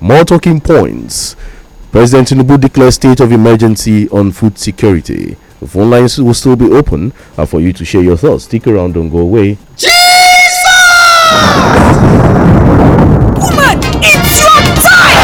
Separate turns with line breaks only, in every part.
More talking points. President Tinubu declares state of emergency on food security. The phone lines will still be open uh, for you to share your thoughts. Stick around, don't go away. Jesus!
Woman, it's your
time!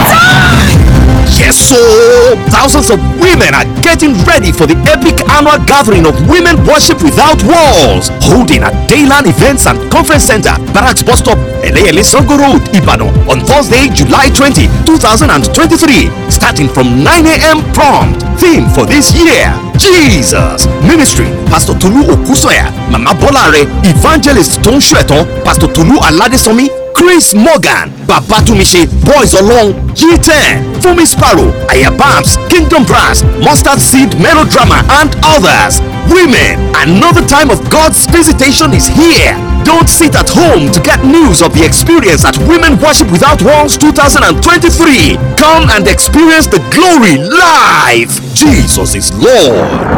It's your time! Yes, sir! Thousands of women are getting ready for the epic annual gathering of Women Worship Without Walls, holding at Dayland Events and Conference Center, Barracks Bus Stop, Eleyele Sogo Road, Ibadan, on Thursday, July 20, 2023, starting from 9 a.m. prompt. Theme for this year Jesus Ministry Pastor Tolu Okusoya, Mama Bolare, Evangelist Tonshueton, Pastor Tolu Aladesomi, chris morgan babatumise boys along g10 fumi sparrow ayabams kingdom brass mustard seed melodrama and others women another time of god's visitation is here don't sit at home to get news of the experience at Women Worship Without Walls 2023. Come and experience the glory live. Jesus is Lord.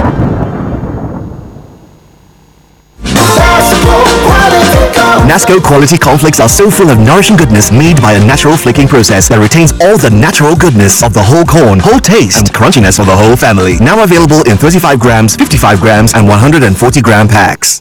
Nasco quality cornflakes are so full of nourishing goodness made by a natural flaking process that retains all the natural goodness of the whole corn, whole taste, and crunchiness of the whole family. Now available in 35 grams, 55 grams, and 140 gram packs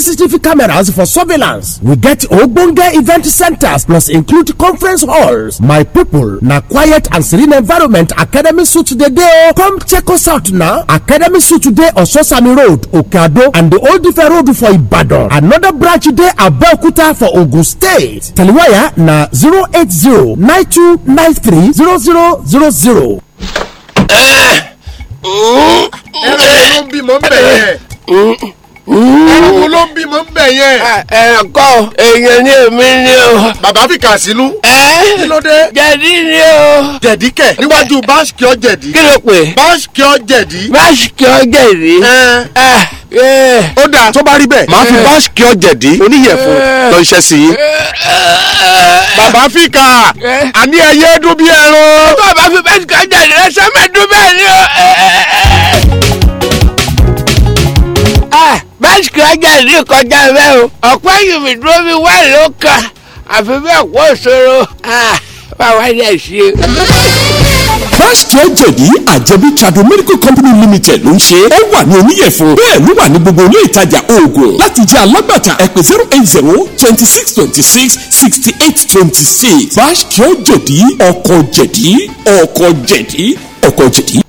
cctv cameras for surveillance we get ogbonge event centres plus include conference halls my people na quiet and serene environment academy suit dey dey o oh. come check us out na academy suit dey ososani road okeado and the old ife road for ibadan another branch dey abeokuta for ogun state telewire ah, na zero zero eight nine 08092930000. ẹrẹ ló ń bímọ ń bẹ̀rẹ̀. Eh, eh. mm ẹranko ló ń bímọ ń bẹ yẹn. ẹ̀kọ́ èèyàn ni èmi ni o. bàbá fi kà sílú. ẹ kí ló dé. jẹ̀dí ni o. jẹ̀dí kẹ̀ níwájú báṣkì ọ jẹ̀dí. kí ló pè. báṣkì ọ jẹ̀dí. báṣkì ọ jẹ̀dí. ó dáa tó bá rí bẹ́ẹ̀. màá fi báṣkì ọ jẹ̀dí oníyẹ̀fun lọ iṣẹ́ sí i. bàbá fi kà àní ẹyẹ dún bí ẹran. bàbá fi báṣkì ọ jẹ̀dí rẹ sẹ́mẹ̀ẹ́dún bẹ́ẹ̀ ni o.
alájà ní kọjá bẹ́ẹ̀ o ọ̀pẹ́ yìí dúró mi wá ló kàn àfi bẹ́ẹ̀ kó ṣòro
ah, báwa dẹ̀ ṣe.
Fresh Trade Jẹ̀dí Àjẹbí Tradu
Medical Company Limited ló ń ṣe. Ó wà ní oníyẹ̀fọ́. Bẹ́ẹ̀ ló wà ní gbogbo ilé ìtajà oògùn. Láti jẹ́ alágbàtà ẹ̀pẹ̀ zero eight zero twenty six twenty six sixty eight twenty six. Fresh
Trade Jẹ̀dí ọkọ̀ jẹ̀dí ọkọ̀ jẹ̀dí ọkọ̀ jẹ̀dí.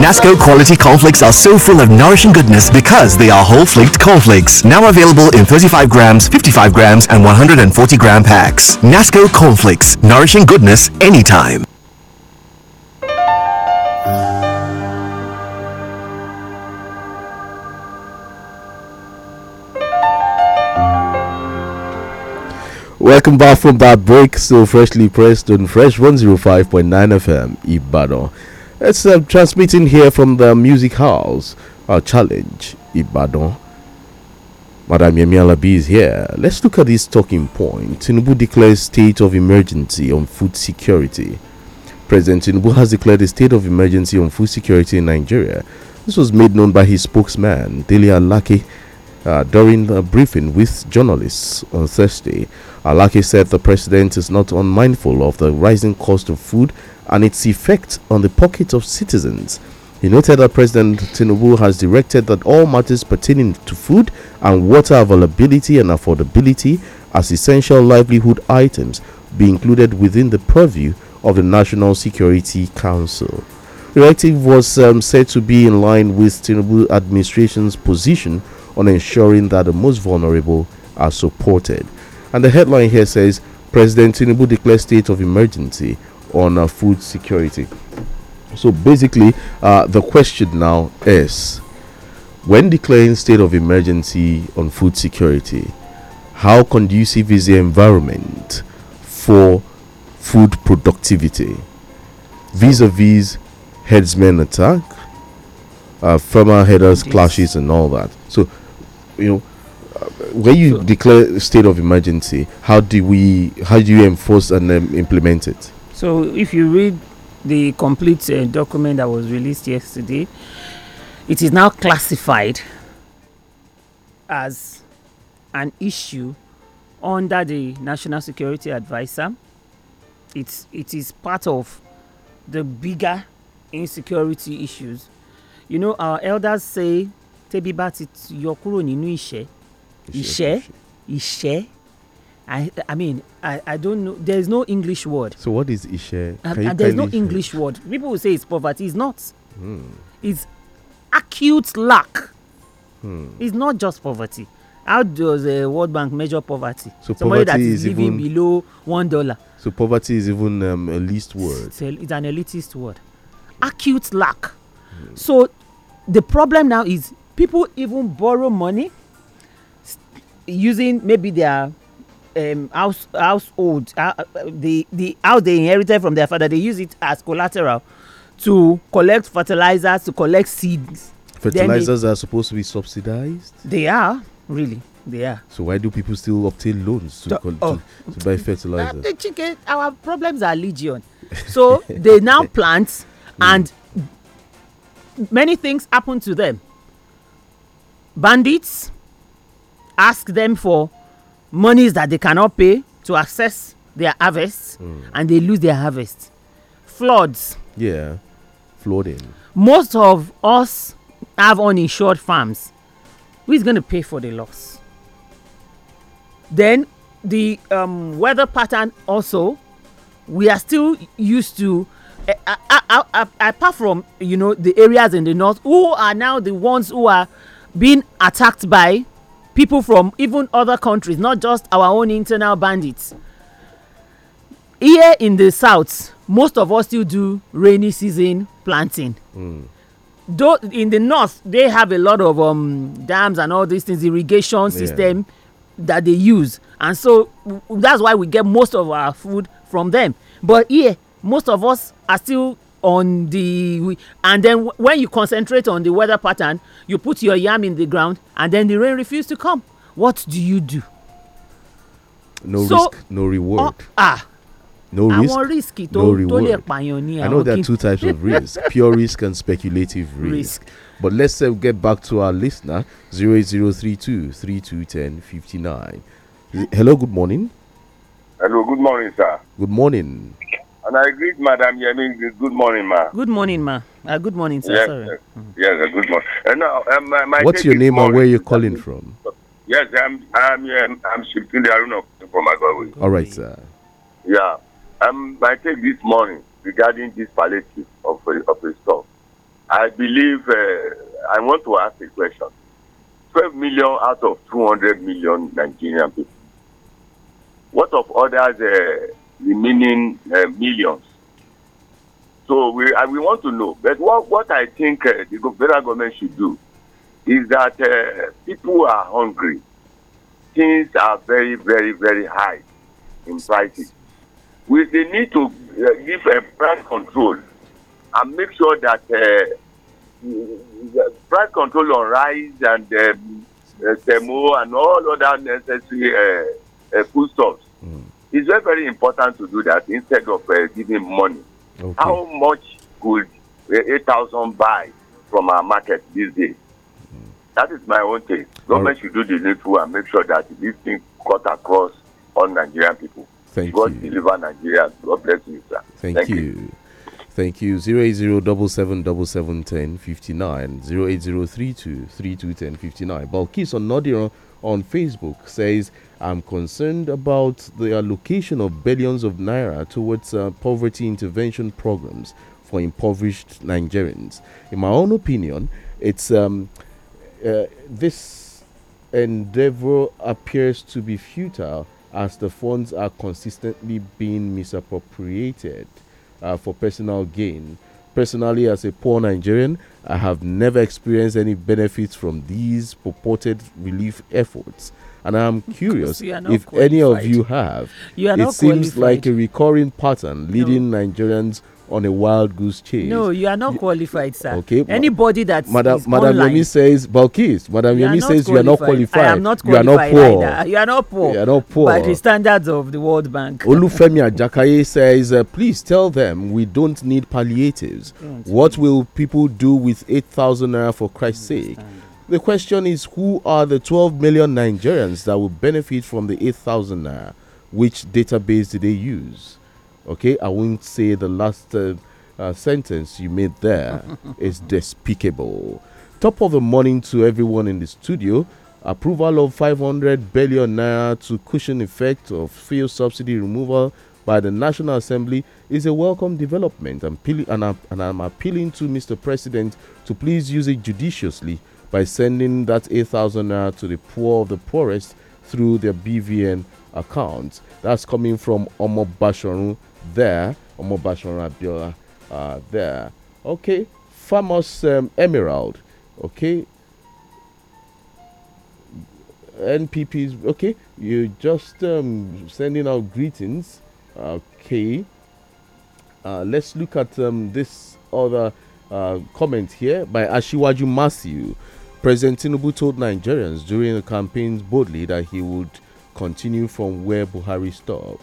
Nasco quality cornflakes are so full of nourishing goodness because they are whole flaked cornflakes. Now available in 35 grams, 55 grams, and 140 gram packs. Nasco cornflakes, nourishing goodness anytime.
Welcome back from that break. Still freshly pressed on Fresh 105.9 FM, Ibadan. It's uh, transmitting here from the Music House, our challenge, Ibadan. Madam Yemi Alabi is here. Let's look at this talking point. Tinubu declares state of emergency on food security. President Tinubu has declared a state of emergency on food security in Nigeria. This was made known by his spokesman, Delia Alaki, uh, during a briefing with journalists on Thursday. Alake said the president is not unmindful of the rising cost of food and its effect on the pockets of citizens. He noted that President Tinubu has directed that all matters pertaining to food and water availability and affordability as essential livelihood items be included within the purview of the National Security Council. The directive was um, said to be in line with Tinubu administration's position on ensuring that the most vulnerable are supported. And the headline here says President Tinubu declares state of emergency on uh, food security. So basically, uh, the question now is when declaring state of emergency on food security, how conducive is the environment for food productivity vis-a-vis headsmen attack, uh, farmer headers clashes and all that. So, you know, when you so, declare state of emergency, how do we how do you enforce and um, implement it?
So, if you read the complete uh, document that was released yesterday, it is now classified as an issue under the National Security Advisor. It's it is part of the bigger insecurity issues. You know, our elders say, "Tebi bati ti nínú ìṣẹ́." Ishe. Ishe. I, I mean, I, I don't know. There's no English word. So, what is Ishe? Uh, uh, there's no English word. People will say it's poverty. It's not. Hmm. It's acute lack. Hmm. It's not just poverty. How does the World Bank measure poverty? So Somebody poverty that is, even living below one dollar.
So poverty is even um, a least word. It's,
a, it's an elitist word. Acute lack. So the problem now is people even borrow money using maybe their um, house household uh, the the house they inherited from their father they use it as collateral to collect fertilizers to collect seeds. fertilizers
they, are supposed to be subsidized.
they are really they are.
so why do people still obtain loans to, to, oh, to, to buy fertilizers. Uh,
chicken, our problems are legion so they now plant mm. and many things happen to them bandits ask them for monies that they cannot pay to access their harvest mm. and they lose their harvest. Floods.
Yeah, flooding.
Most of us have uninsured farms. Who is going to pay for the loss? Then the um, weather pattern also, we are still used to. Uh, uh, uh, apart from you know the areas in the north who are now the ones who are being attacked by people from even other countries, not just our own internal bandits. Here in the south, most of us still do rainy season planting. Mm. Though in the north, they have a lot of um, dams and all these things, irrigation system yeah. that they use, and so that's why we get most of our food from them. But here, most of us are still on the and then when you concentrate on the weather pattern you put your yam in the ground and then the rain refuses to come what do you do
no so, risk
no reward uh, ah no risk, risk no reward. I know there are two types of risk pure risk and speculative risk. risk. But let's uh, get back to our listener 59 Hello, good morning.
Hello, good morning, sir. Good morning. And I greet Madam Yemi. Good morning, ma.
Good morning, ma. Uh, good morning, sir. Yes, Sorry.
yes, mm. good morning. Uh, no, um, uh, my, my What's your name morning. and where you calling from? Yes, I'm I'm um, I'm shifting the arena from Agawe. All right, sir. Yeah, um, my take this morning regarding this palliative of a, of a storm. I believe uh, I want to ask a question. Twelve million out of two hundred million Nigerian people. What of others? Uh, remaining uh, millions. So we I, we want to know. But what what I think uh, the federal government should do is that uh, people are hungry. Things are very very very high in prices. We they need to uh, give a price control and make sure that uh, price control on rice and um, uh, and all other necessary foodstuffs mm it's very very important to do that instead of uh, giving money okay. how much could uh, 8000 buy from our market these days that is my own thing. government right. should do the needful and make sure that this thing cut across all nigerian people thank god you. deliver nigeria god bless you sir thank, thank you. you.
Thank you. 08077771059. 08032321059. Balkis on Nodiro on Facebook says I'm concerned about the allocation of billions of naira towards uh, poverty intervention programs for impoverished Nigerians. In my own opinion, it's um, uh, this endeavor appears to be futile as the funds are consistently being misappropriated uh, for personal gain. Personally, as a poor Nigerian, I have never experienced any benefits from these purported relief efforts. And I'm curious if qualified. any of you have. You it seems qualified. like a recurring pattern leading no. Nigerians on a wild goose chase. No,
you are not you, qualified, sir. Okay. Anybody that Madam Madam
says Balkis. Madam Yemi says qualified. you are not qualified. I am not qualified. You are not poor. Either. You
are not poor. You are not poor. By the standards of the World Bank. Olufemi
Ajakaye says, uh, please tell them we don't need palliatives. Don't what will people do with eight thousand naira for Christ's sake? The question is who are the 12 million Nigerians that will benefit from the 8,000 naira? Which database did they use? Okay, I won't say the last uh, uh, sentence you made there is despicable. Top of the morning to everyone in the studio. Approval of 500 billion naira to cushion effect of fuel subsidy removal by the National Assembly is a welcome development. I'm and, I'm, and I'm appealing to Mr. President to please use it judiciously by sending that 8,000 naira to the poor of the poorest through their BVN account. That's coming from Omo Basharun there, Omo Basharun Abiola uh, there. Okay, famous um, Emerald. Okay, NPPs. Okay, you just um, sending out greetings. Okay, uh, let's look at um, this other uh, comment here by Ashiwaju Matthew. President Tinubu told Nigerians during the campaign boldly that he would continue from where Buhari stopped.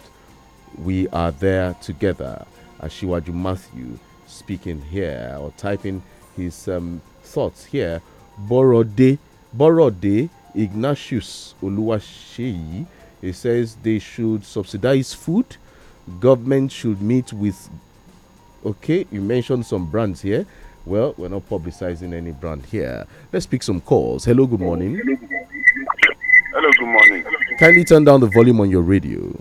We are there together. Ashiwaju Matthew speaking here or typing his um, thoughts here. Borode, Borode Ignatius Oluwaseyi, he says they should subsidize food. Government should meet with. Okay, you mentioned some brands here well, we're not publicizing any brand here. Let's pick some calls. Hello, good morning.
Hello, good morning.
Kindly turn down the volume on your radio.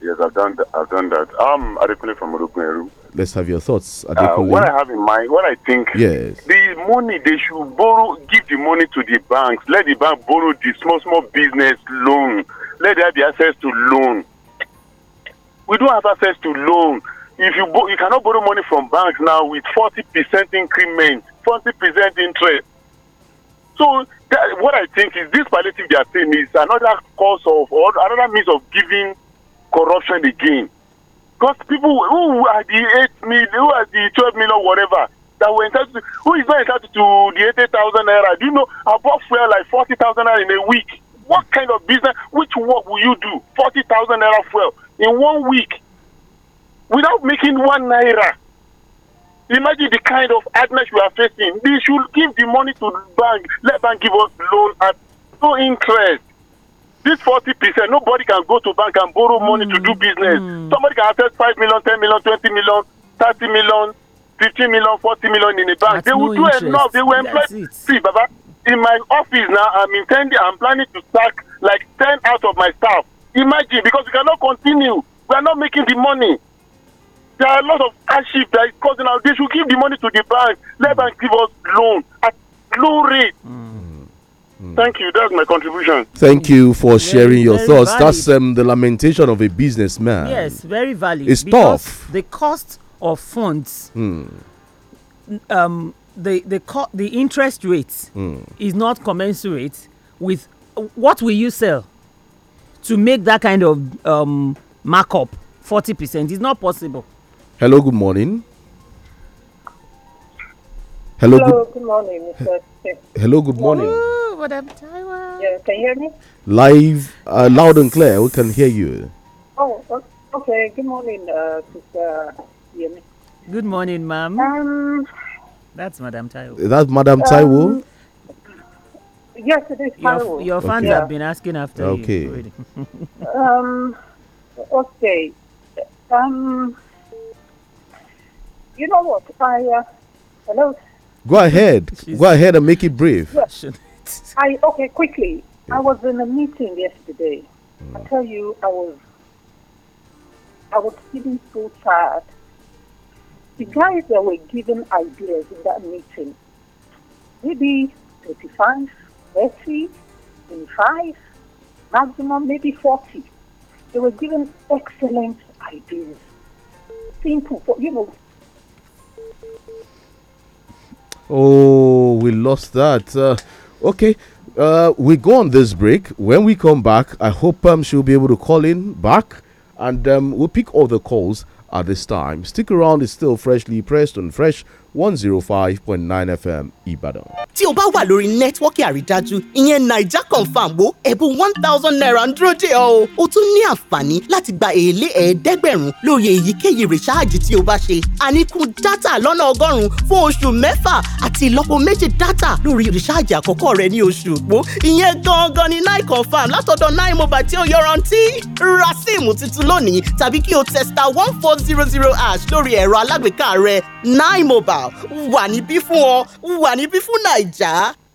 Yes, I've done that. I've done that. Um, Adekunle from Uruguay.
Let's have your thoughts, uh, Adekunle. Uh, what I have
in mind, what I think. Yes. The money they should borrow, give the money to the banks. Let the bank borrow the small small business loan. Let them have the access to loan. We don't have access to loan if you bo- you cannot borrow money from banks now with forty percent increment, forty percent interest. So that, what I think is this palliative they are saying is another cause of or another means of giving corruption again. Because people who are the eight million, who are the twelve million, whatever that were entitled, to, who is not entitled to the eighty thousand naira? Do you know above fuel like forty thousand naira in a week? What kind of business? Which work will you do? Forty thousand naira fuel in one week without making one naira. Imagine the kind of hardness we are facing. They should give the money to the bank. Let bank give us loan at no interest. This forty percent, nobody can go to bank and borrow money mm. to do business. Mm. Somebody can access five million, ten million, twenty million, thirty million, fifteen million, forty million in a bank. they no will do interest. enough. They will employ. See, Baba, in my office now, I'm intending, I'm planning to sack like ten out of my staff. Imagine, because we cannot continue. We are not making the money. There are a lot of hardship that is causing out. They should give the money to the bank. Let bank give us loan at low rate. Mm. Thank you.
That's my contribution.
Thank you for sharing your thoughts. Valid. That's um, the lamentation of a businessman.
Yes, very valid. It's tough.
The cost of funds. Mm. Um, the the co the interest rate hmm. is not commensurate with what will you sell to make that kind of um, markup 40% is not possible
Hello, good morning. Hello, Hello,
good, morning, Mr.
hello, good morning. Ooh,
what up, Taiwan? Yeah, can you hear me?
Live, uh, loud and clear, we can hear you.
Oh,
okay. Good morning, uh, Mr. Yemi. Good morning, ma'am. Um, That's Madam Taiwo. Is that Madam Taiwo? um, yes, it is Your, Taiwo. your fans Okay. have been asking after Okay. you. Okay. Um, okay. Um, you know what? I uh, hello.
Go ahead. Go ahead and make it brief.
Yeah. I okay quickly. Yeah. I was in a meeting yesterday. Mm. I tell you, I was I was feeling so tired. The guys that were giving ideas in that meeting, maybe 35, 30, 25, maximum maybe 40. They were given excellent ideas. Simple, you know,
Oh, we lost that. Uh, okay. Uh, we go on this break. When we come back, I hope um, she'll be able to call in back and um, we'll pick all the calls at this time. Stick around, it's still freshly pressed on Fresh one zero oh five point nine fm ìbàdàn.
tí o bá wà lórí nẹ́tíwọ́kì àrídájú ìyẹn naija confam wo ẹ̀bùn one thousand naira ń dúró dè ọ́ o o tún ní àǹfààní láti gba èlé ẹ̀ẹ́dẹ́gbẹ̀rún lórí èyíkéyìí rìsáàjì tí o bá ṣe àníkún dátà lọ́nà ọgọ́rùn-ún fún oṣù mẹ́fà àti ìlọ́po méjì dátà lórí rìsáàjì àkọ́kọ́ rẹ ní oṣù òpó ìyẹn gangan ni nine confam látọ̀dọ̀ nine mobile tí ó yọrantí ra síìmù tuntun lónìí tàbí kí o testa one four zero zero hash lórí ẹ̀rọ alágbèéká rẹ nine mobile wà níbí fún ọ wà níbí fún nàìjà.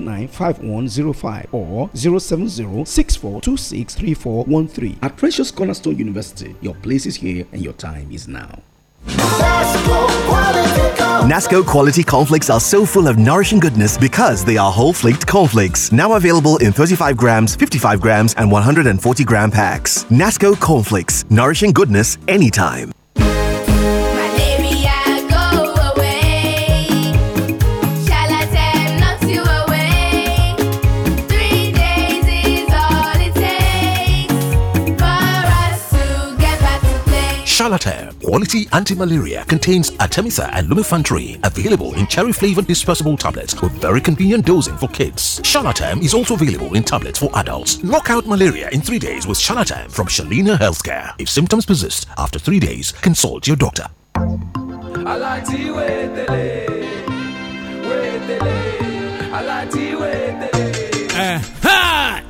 Nine five one zero five or 070 At Precious Cornerstone University, your place is here and your time is now. Nasco quality
cornflakes are so full of nourishing goodness because they are whole flaked cornflakes. Now available in 35 grams, 55 grams, and 140 gram packs. Nasco cornflakes, nourishing goodness anytime.
Calatab, quality anti-malaria, contains Artemisa and lumefantrine, available in cherry-flavored dispersible tablets with very convenient dosing for kids. Shalatam is also available in tablets for adults. Knock out malaria in three days with Shalatam from Shalina Healthcare. If symptoms persist after three days, consult your doctor.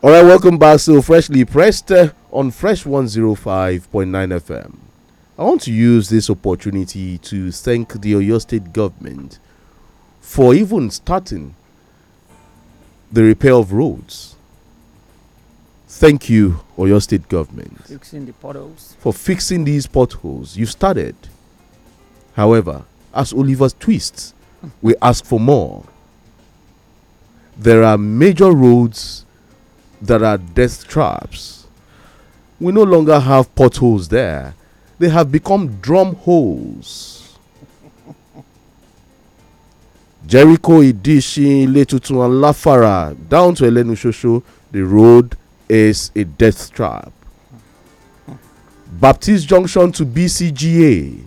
All right, welcome back. So, freshly pressed uh, on Fresh 105.9 FM. I want to use this opportunity to thank the Oyo State government for even starting the repair of roads. Thank you, Oyo State government.
Fixing the potholes.
For fixing these potholes. You started. However, as Oliver's twists, we ask for more. There are major roads that are death traps. We no longer have potholes there, they have become drum holes. Jericho, Idishin, Letutu, and Lafara, down to Elenushosho, the road is a death trap. Baptist Junction to BCGA,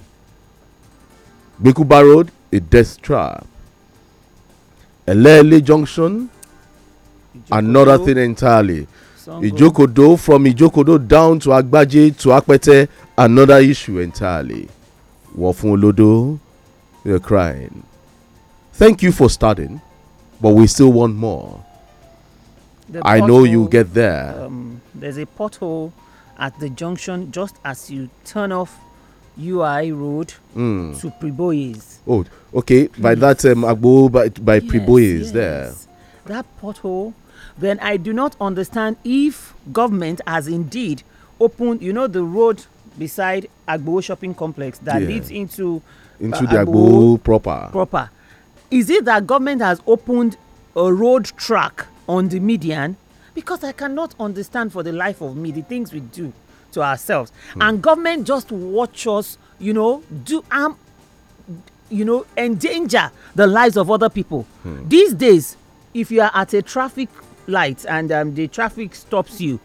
Bekuba Road, a death trap. Elele Junction, another thing entirely. Ijokodo from Ijokodo down to Agbaje to Akpete, another issue entirely. Wofun Olodo, you're crying. Thank you for starting, but we still want more.
The I pothole, know you will get there. Um, there's a pothole at the junction just as you turn off UI Road mm. to Prebois.
Oh, okay. By hmm. that, um, Agbo by, by yes, Prebois yes. there.
That pothole then I do not understand if government has indeed opened, you know, the road beside Agbo shopping complex that yeah. leads into uh, into uh, the Agbo, proper. Proper. Is it that government has opened a road track on the median? Because I cannot understand for the life of me the things we do to ourselves, hmm. and government just watch us, you know, do um, you know, endanger the lives of other people. Hmm. These days, if you are at a traffic light and um, the traffic stops you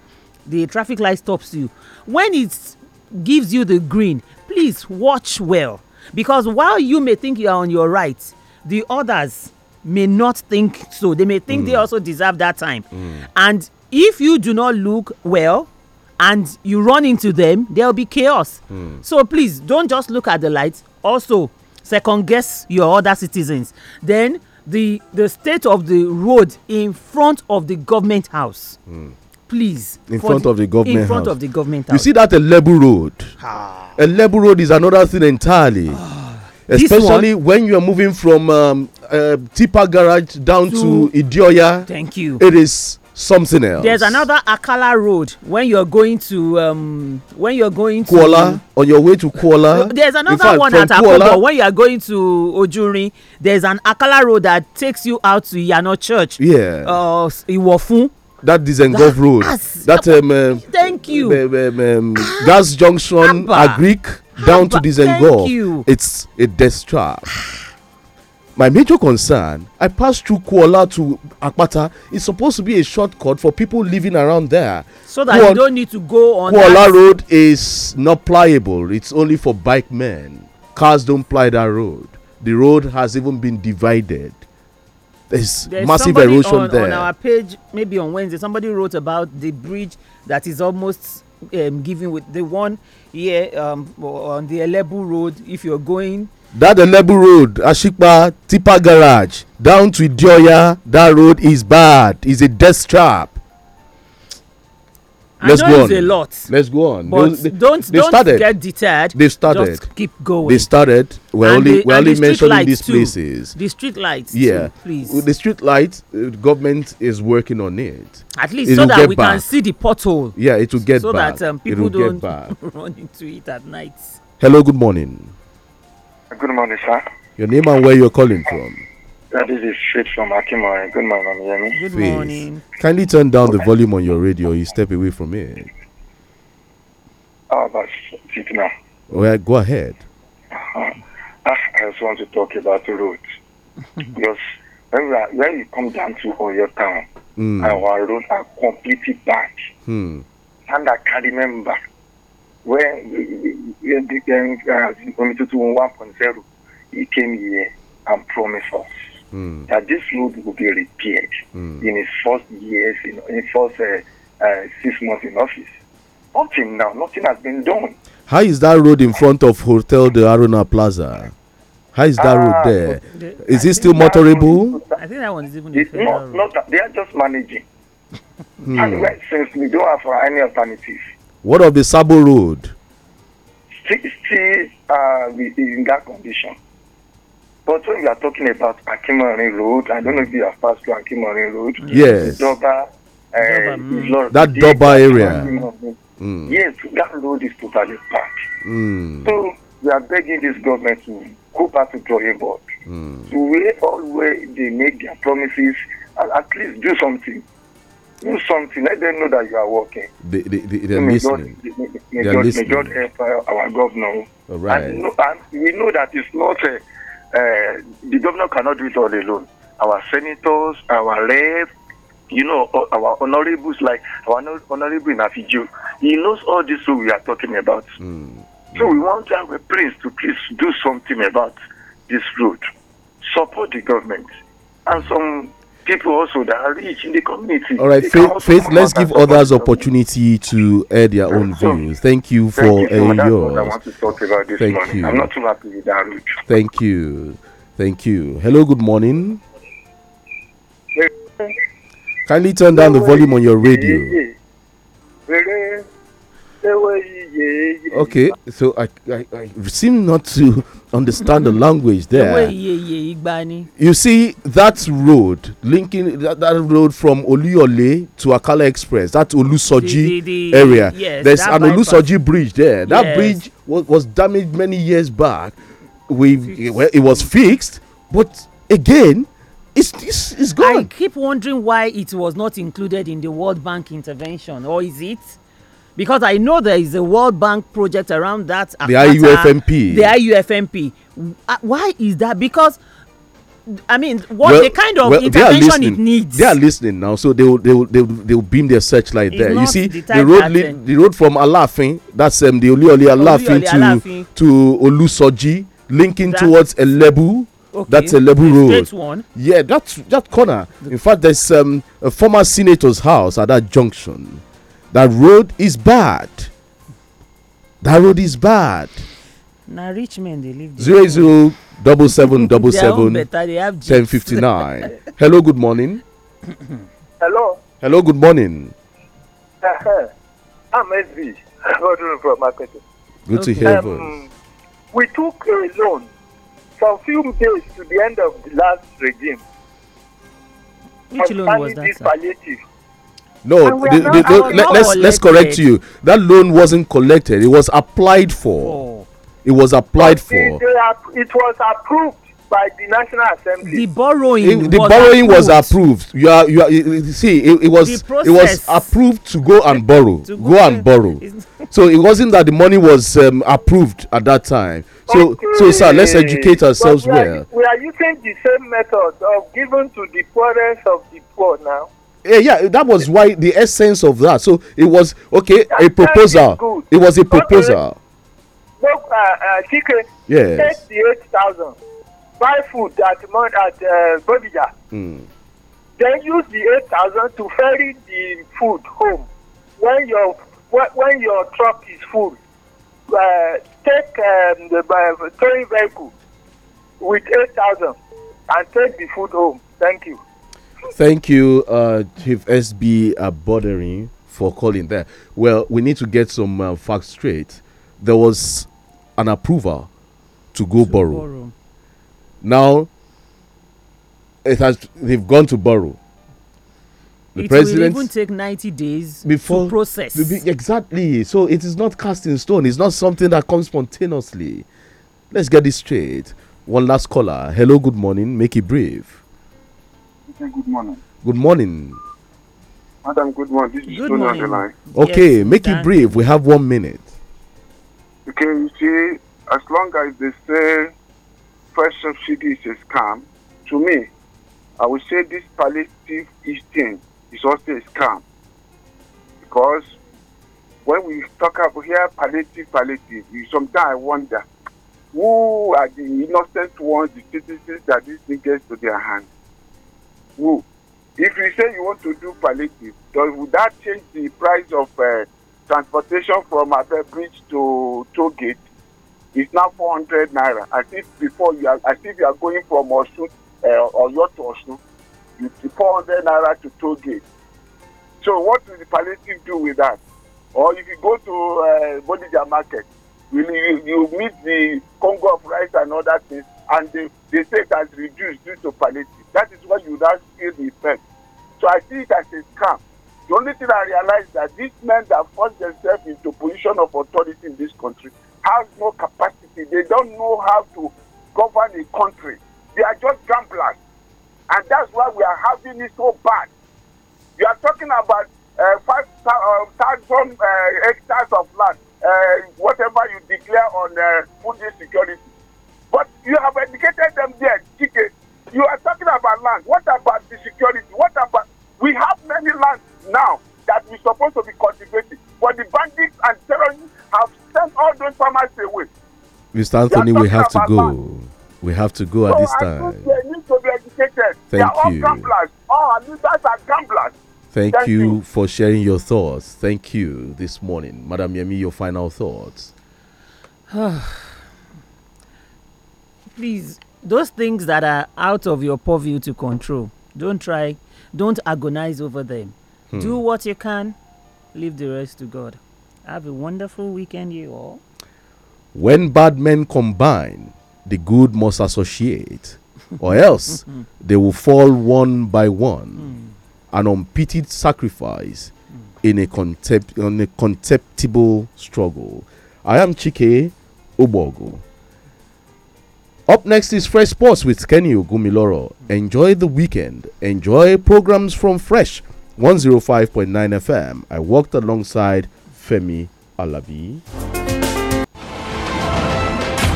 the traffic light stops you when it gives you the green please watch well because while you may think you are on your right the others may not think so they may think mm. they hmm. also deserve that time mm. and if you do not look well and you run into them there will be chaos mm. so please don't just look at the lights also second guess your other citizens then the the state of the road in front of the government house. Mm. Please. In front the, of the government In front house. of the government house. You
see that a level road. Ah. A level road is another thing entirely. Ah.
Especially
when you are moving from um, uh, Tipa Garage down to, to Idioya. Thank you. It is something else. There's another
Akala Road when you're going to um, when you're going to Kuala on your way to Kuala. Uh, there's another fact, one at Kuala, when you are going to Ojuri. There's an Akala Road that takes you out to Yano Church. Yeah. Uh, Iwofun. That Dizengoff Road. that um, uh,
thank you.
Um, um, um, um ah, gas junction Abba. Agric
down to Dizengoff. It's a death trap. Ah. My major concern, I passed through Kuala to Akpata. It's supposed to be a shortcut for people living around there.
So that Kuala, you don't need to go on. Kuala Road
is not pliable. It's only for bike men. Cars don't ply that road. The road has even been divided. There's, There's massive erosion on, there. On our
page, maybe on Wednesday, somebody wrote about the bridge that is almost um, giving with the one here um, on the Elebu Road. If you're going
that enable road ashikpa tipa garage down to idioya that road is bad it's a death trap
let's go on. a lot. Let's
go on. But they, don't they don't started. get deterred. They started. Just keep going. They started. We're and only the, we're only the mentioning these too. places. The street lights. Yeah, too, please. The street lights. Uh, government is working on it. At least it so that we back. can see the pothole. Yeah, it will get so back. that um, people don't
run into it at night.
Hello. Good morning.
Good morning, sir.
Your name and where you're calling from?
That is straight from Akimori. Good morning, Yemi. Good Faith. morning.
Kindly turn down the volume on your radio. You step away from it.
Oh, that's it now.
Well, go ahead.
Uh, I just want to talk about the road. because when, are, when, you come down to Oyo town, mm. our roads are completely bad. Hmm. And I can remember where uh, one point zero, he came here and promised us mm. that this road will be repaired mm. in his first years, in, his first uh, uh, six months in office. Nothing now, nothing has been done.
How is that road in front of Hotel de Aruna Plaza? How is that road ah, there? Is it still motorable?
I think that one is even it's not, not, They are just managing. Hmm. And since we don't have any alternatives.
What of the Sabo Road?
Sixty uh, still in that condition. But when we are talking about
Akimari
Road, I don't know if you have passed through Akimari Road. Yes. Doba, uh, mm. that Doba area. Mm. Yes, that road is totally packed.
Mm. So
we are begging this government to go back to drawing board. Mm. To so where all where they make their promises and at least do something do something. Let them know that you are working.
They, they, they, are listening.
God, may, they God, listening. may God help our governor. All right. And, and, we know that it's not, a uh, uh, the governor cannot do it all alone. Our senators, our reps, you know, our honorables, like our honorable in Afiju, he knows all this who we are talking about. Mm. So we want our prince to please do something about this road. Support the government. And some people also that are rich in the community. All right, Faith, faith let's give others
opportunity to air their own so, views. Thank you for thank you so yours. I want to talk
about this thank morning. You. I'm not too happy with that
Thank you. Thank you. Hello, good morning. Kindly turn down the volume on your radio.
Okay,
so I,
I,
I
seem not to understand the language there.
You
see, that road linking that, that road from Oluyole to Akala Express, that Olusoji area. Yes, There's an Olusoji bridge there. That yes. bridge was, was damaged many years back. We it, well, it was fixed, but again,
it's, it's, it's gone. I keep wondering why it was not included in the World Bank intervention, or is it? because I know there is a World Bank project around that. The Akata, IUFMP. The IUFMP. Uh, why is that? Because I mean,
what well, the kind of well, intervention it
needs. They are listening now, so they will they will they will, they will beam their searchlight it's there. You see, the, the road the road from Alafin, that's um, the Olioli Alafin to Alafin. to Olusoji, linking that's, towards Elebu. Okay. That's a level road. One. Yeah, that's that corner. In fact, there's um, a former senator's house at that junction that road is bad that road is bad
na rich men dey live zero
zero double seven double seven ten fifty nine hello good morning hello hello good morning
uh-huh. i'm sb good okay. to hear um, we took a loan for few days to the end of the last regime which loan was that
no, the, the, the, let, us let's, let's correct you. That loan wasn't collected. It was applied for. Oh. It was applied for. Uh,
it was approved by the National Assembly. The
borrowing. It, the was borrowing approved. was
approved. You are you are you see it, it was it was approved to go and borrow. go, go, and borrow. so it wasn't that the money was um, approved at that time. So okay. so sir, let's educate ourselves we are, well.
We are using the same method of giving to the poorest of the poor now
yeah, yeah, that was why the essence of that. So it was okay, a proposal. It was a proposal.
Look, uh, uh Yes. Thirty-eight thousand. Buy food at Mount at uh, Bodija. Hmm. Then use the eight thousand to ferry the food home. When your when your truck is full, uh, take um, the uh, vehicle with eight thousand and take the food home. Thank you.
Thank you, uh, Chief SB Abodering, for calling there. Well, we need to get some uh, facts straight. There was an approval to go to borrow. borrow. Now, it has they've gone to borrow. The it president will even
take 90 days before process.
Be, exactly. So it is not cast in stone. It's not something that comes spontaneously. Let's get this straight. One last caller. Hello, good morning. Make it brave good morning. Good morning.
Madam, good morning. This is on the line. Okay, yes, make it brief.
We have one minute.
Okay, you see, as long as they say fresh subsidy is a scam, to me, I would say this palliative eating is also a scam. Because when we talk about here palliative, palliative, sometimes I wonder who are the innocent ones, the citizens that this thing gets to their hands wool if you say you want to do palliative does would that change the price of uh, transportation from abe bridge to Togate? It's now four hundred naira as if before you are as if you are going from osun uh, oyo to osun you four hundred naira to Togate. so what will the palliative do with that or if you go to uh, bodija market you you you meet the congo of rice and other things and the, the state has reduced due to palliative. That is why you have feel the effect. So I see it as a scam. The only thing I realize that these men that force themselves into position of authority in this country have no capacity. They don't know how to govern a country. They are just gamblers. And that's why we are having it so bad. You are talking about uh, 5,000 um, uh, hectares of land, uh, whatever you declare on uh, food insecurity. But you have educated them there, Chike. You are talking about land. What about the security? What about we have many lands now that we're supposed to be cultivating, but the bandits and terrorists have sent all those farmers away.
Mr. Anthony, we have to go. Land. We have to go so at this time.
They need to be educated. Thank they are all gamblers. All are gamblers. Thank, Thank you,
you, for sharing your thoughts. Thank you this morning. Madam Yemi, your final thoughts.
please those things that are out of your purview to control don't try don't agonize over them hmm. do what you can leave the rest to god have a wonderful weekend you all
when bad men combine the good must associate or else hmm. they will fall one by one hmm. an unpitied sacrifice hmm. in a contempt in a contemptible struggle i am chike ubogo up next is Fresh Sports with Kenny Ogumiloro. Enjoy the weekend. Enjoy programs from Fresh 105.9 FM. I walked alongside Femi Alabi.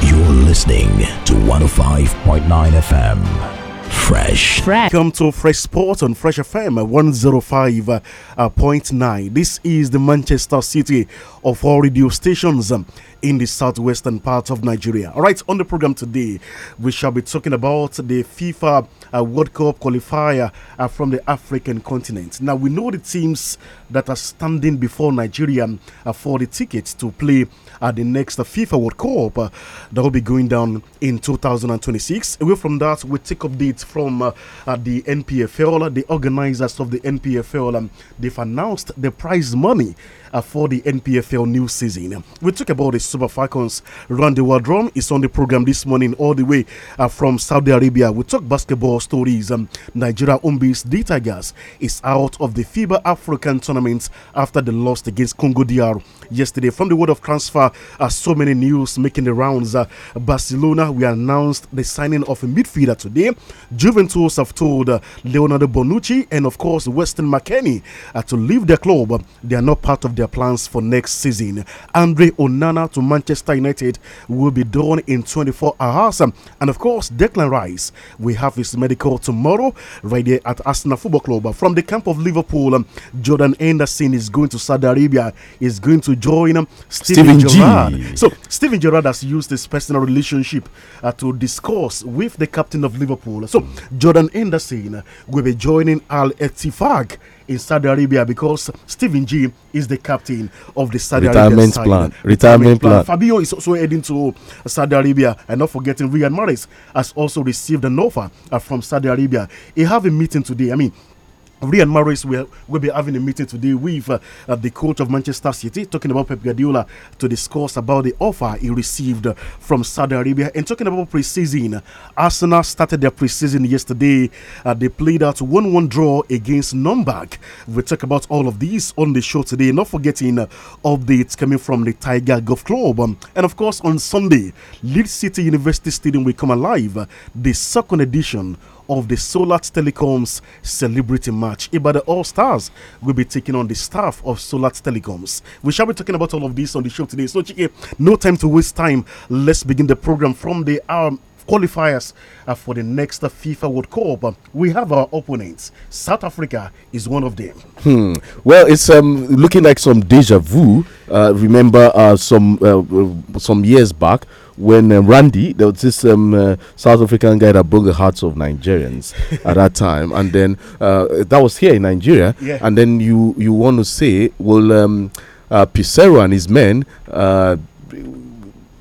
You're listening to 105.9 FM. Fresh.
Fresh. Come to Fresh Sports on Fresh FM 105.9. This is the Manchester City of all radio stations in the southwestern part of Nigeria. All right, on the program today, we shall be talking about the FIFA uh, World Cup qualifier uh, from the African continent. Now, we know the teams that are standing before Nigeria uh, for the tickets to play at the next FIFA World Cup uh, that will be going down in 2026. Away from that, we take updates from uh, the NPFL. The organizers of the NPFL um, they've announced the prize money uh, for the NPFL new season. We talk about the Super Falcons. the world. Wardrum is on the program this morning, all the way uh, from Saudi Arabia. We talk basketball stories. Um, Nigeria Umbis D Tigers is out of the FIBA African tournament after the loss against Congo DR yesterday. From the world of transfer, uh, so many news making the rounds. Uh, Barcelona, we announced the signing of a midfielder today. Juventus have told uh, Leonardo Bonucci and, of course, Weston McKennie uh, to leave the club. They are not part of the their plans for next season. Andre Onana to Manchester United will be done in 24 hours. And of course, Declan Rice, we have his medical tomorrow right there at Arsenal Football Club. From the camp of Liverpool, Jordan Anderson is going to Saudi Arabia, is going to join Steven, Steven Gerrard. So, Steven Gerrard has used his personal relationship uh, to discuss with the captain of Liverpool. So, Jordan Anderson will be joining Al Ettifaq in Saudi Arabia because Stephen G is the captain of the Saudi retirement plan. Retirement, retirement plan. plan. Fabio is also heading to Saudi Arabia, and not forgetting Riyad Mahrez has also received an offer uh, from Saudi Arabia. He have a meeting today. I mean, Real Maris will, will be having a meeting today with uh, uh, the coach of Manchester City, talking about Pep Guardiola to discuss about the offer he received from Saudi Arabia. And talking about preseason, Arsenal started their preseason yesterday. Uh, they played out 1 1 draw against Nürnberg. We'll talk about all of these on the show today. Not forgetting uh, updates coming from the Tiger Golf Club. Um, and of course, on Sunday, Leeds City University Stadium will come alive, the second edition of the Solat Telecoms celebrity match. the All Stars will be taking on the staff of Solat Telecoms. We shall be talking about all of this on the show today. So, Chike, no time to waste time. Let's begin the program from the um, qualifiers uh, for the next uh, FIFA World Cup. Uh, we have our opponents. South Africa is one of them.
Hmm. Well, it's um, looking like some deja vu. Uh, remember uh, some uh, some years back when um, Randy, there was this um, uh, South African guy that broke the hearts of Nigerians at that time, and then uh, that was here in Nigeria. Yeah. And then you you want to say, well, um, uh, Pissarro and his men uh,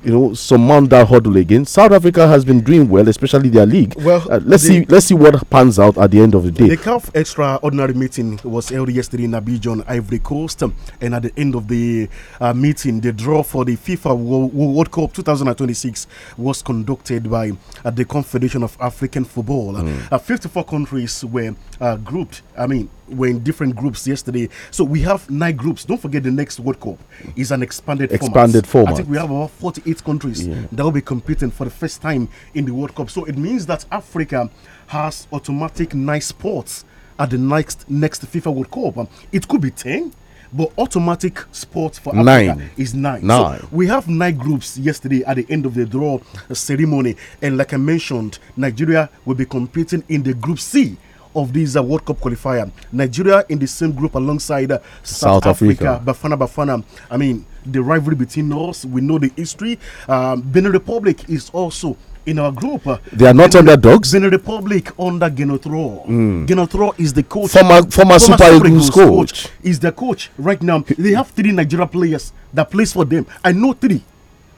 you know surmount that hurdle again. South Africa has been doing well, especially their league. Well, uh, let's see let's see what pans out at the end of the day. The
CAF extraordinary meeting was held yesterday in Abidjan, Ivory Coast, and at the end of the uh, meeting, the draw for the FIFA World, World Cup 2026 was conducted by uh, the Confederation of African Football. Mm. 54 countries were uh, grouped. I mean were in different groups yesterday. So we have nine groups. Don't forget the next World Cup is an expanded expanded format. format. I think we have about 48 countries yeah. that will be competing for the first time in the World Cup. So it means that Africa has automatic nine sports at the next next FIFA World Cup. Um, it could be 10 but automatic spots for Africa nine. is nine. nine. So we have nine groups yesterday at the end of the draw ceremony, and like I mentioned, Nigeria will be competing in the Group C of this uh, World Cup qualifier. Nigeria in the same group alongside uh, South, South, Africa. Africa, Bafana Bafana. I mean, the rivalry between us, we know the history. Um, Benin Republic is also in our group. They are not underdogs. Benin Republic under Genotro. Mm. Genotro is the coach. Former, former, former Super Eagles coach. coach. Is the coach right now. They have three Nigeria players that plays for them. I know three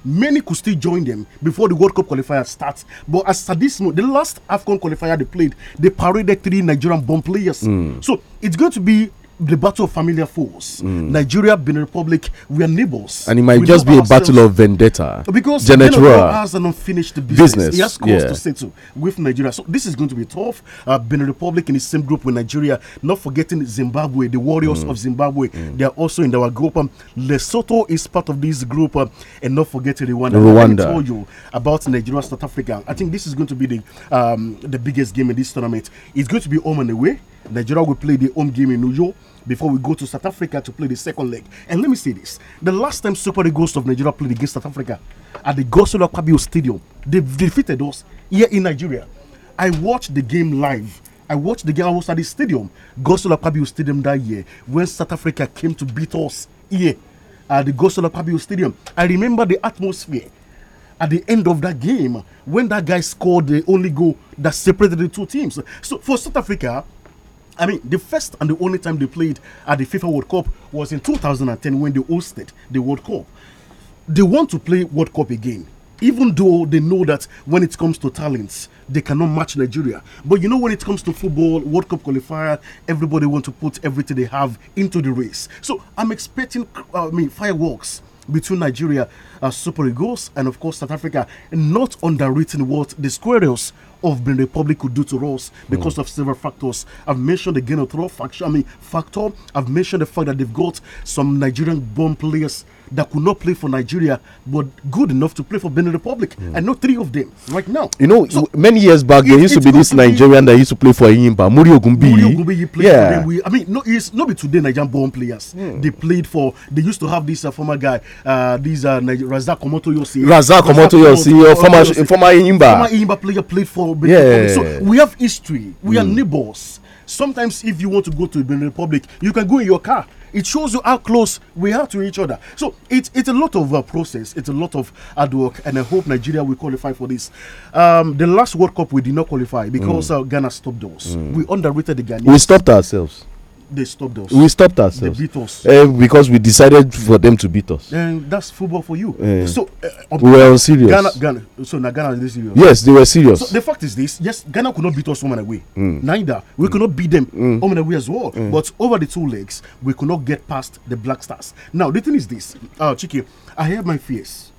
many could still join them before the World Cup qualifier starts. But as at this moment, the last AFCON qualifier they played, they paraded three Nigerian bomb players. Mm. So it's going to be the battle of familiar foes. Mm. Nigeria, Benin Republic, we are neighbors. And it might we just be a battle of vendetta. Because Benin has an unfinished business. business. He has to yeah. to settle with Nigeria. So this is going to be tough. Uh, Benin Republic in the same group with Nigeria. Not forgetting Zimbabwe, the warriors mm. of Zimbabwe. Mm. They are also in our group. Um, Lesotho is part of this group. Uh, and not forgetting Rwanda. Rwanda. I told you about Nigeria, South Africa. I think this is going to be the um, the biggest game in this tournament. It's going to be home and away. Nigeria will play the home game in New York before we go to South Africa to play the second leg. And let me say this the last time Super Eagles of Nigeria played against South Africa at the Gosula Pabio Stadium, they defeated us here in Nigeria. I watched the game live. I watched the game I was at the stadium, Gosula Pabio Stadium that year, when South Africa came to beat us here at the Gosula Pabio Stadium. I remember the atmosphere at the end of that game when that guy scored the only goal that separated the two teams. So for South Africa, I mean, the first and the only time they played at the FIFA World Cup was in 2010 when they hosted the World Cup. They want to play World Cup again, even though they know that when it comes to talents, they cannot match Nigeria. But you know, when it comes to football, World Cup qualifier, everybody want to put everything they have into the race. So I'm expecting, I mean, fireworks between Nigeria, uh, Super Eagles, and of course South Africa, not underwritten what the Squirrels of Benin Republic could do to us because mm. of several factors. I've mentioned again a throw factor. I mean factor. I've mentioned the fact that they've got some Nigerian born players that could not play for Nigeria but good enough to play for Benin Republic. Mm. I know three of them right now.
You know, so many years back there used to be this Nigerian that used to play for Iyimba, Muri Ogunbiyi. Muri Ogunbiyi
yeah. We, I mean, no, it's not be today Nigerian born players. Mm. They played for. They used to have this uh, former guy, uh, these uh, Razak Omotoyose. Razak Omotoyose, uh, former former Iyimba. Former Iyimba player played for yeah. So we have history. We mm. are hmm. neighbors. Sometimes, if you want to go to the Benin Republic, you can go in your car. It shows you how close we are to each other. So it, it's a lot of uh, process. It's a lot of hard work, and I hope Nigeria will qualify for this. Um, the last World Cup we did not qualify because mm. uh, Ghana stopped us. Mm. We underrated the Ghanaians. We stopped ourselves they stopped us. We stopped ourselves. They beat us. Uh, because we decided
for them to beat us.
And that's football for you. Uh, so uh, we were serious. Ghana, Ghana, so now Ghana is serious. Yes, they were serious. So the fact is this: yes, Ghana could not beat us home and away. Mm. Neither we mm. could hmm. not beat them mm. home and away as well. Mm. But over the two legs, we could not get past the Black Stars. Now the thing is this: uh, Chiki, I have my fears.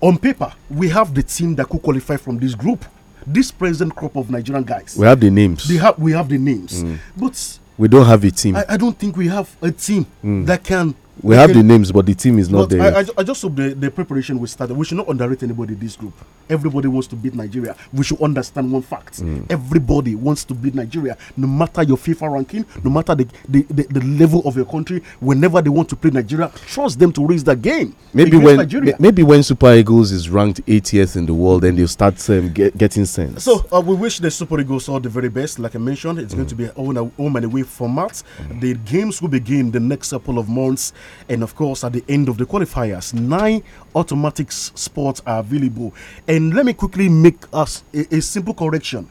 On paper, we have the team that could qualify from this group. This present crop of Nigerian guys. We have the names. They have, we have the names. Hmm. But we don't have a team. I, I don't think we have a team mm. that can we have the names, but the team is not there. I, I, just hope the, the preparation will start. We should not underrate anybody in this group. Everybody wants to beat Nigeria. We should understand one fact. Mm. Everybody wants to beat Nigeria, no matter your FIFA ranking, no matter the, the, the, the, level of your country. Whenever they want to play Nigeria, trust them to raise the game. Maybe when Nigeria.
maybe when Super Eagles is ranked 80th in the world, then they'll start um, get, getting sense. So
uh, we wish the Super Eagles all the very best. Like I mentioned, it's mm. going hmm. to be an home and away format. Mm. The games will begin the next couple of months. And of course, at the end of the qualifiers, nine automatic spots are available. And let me quickly make us a, a simple correction.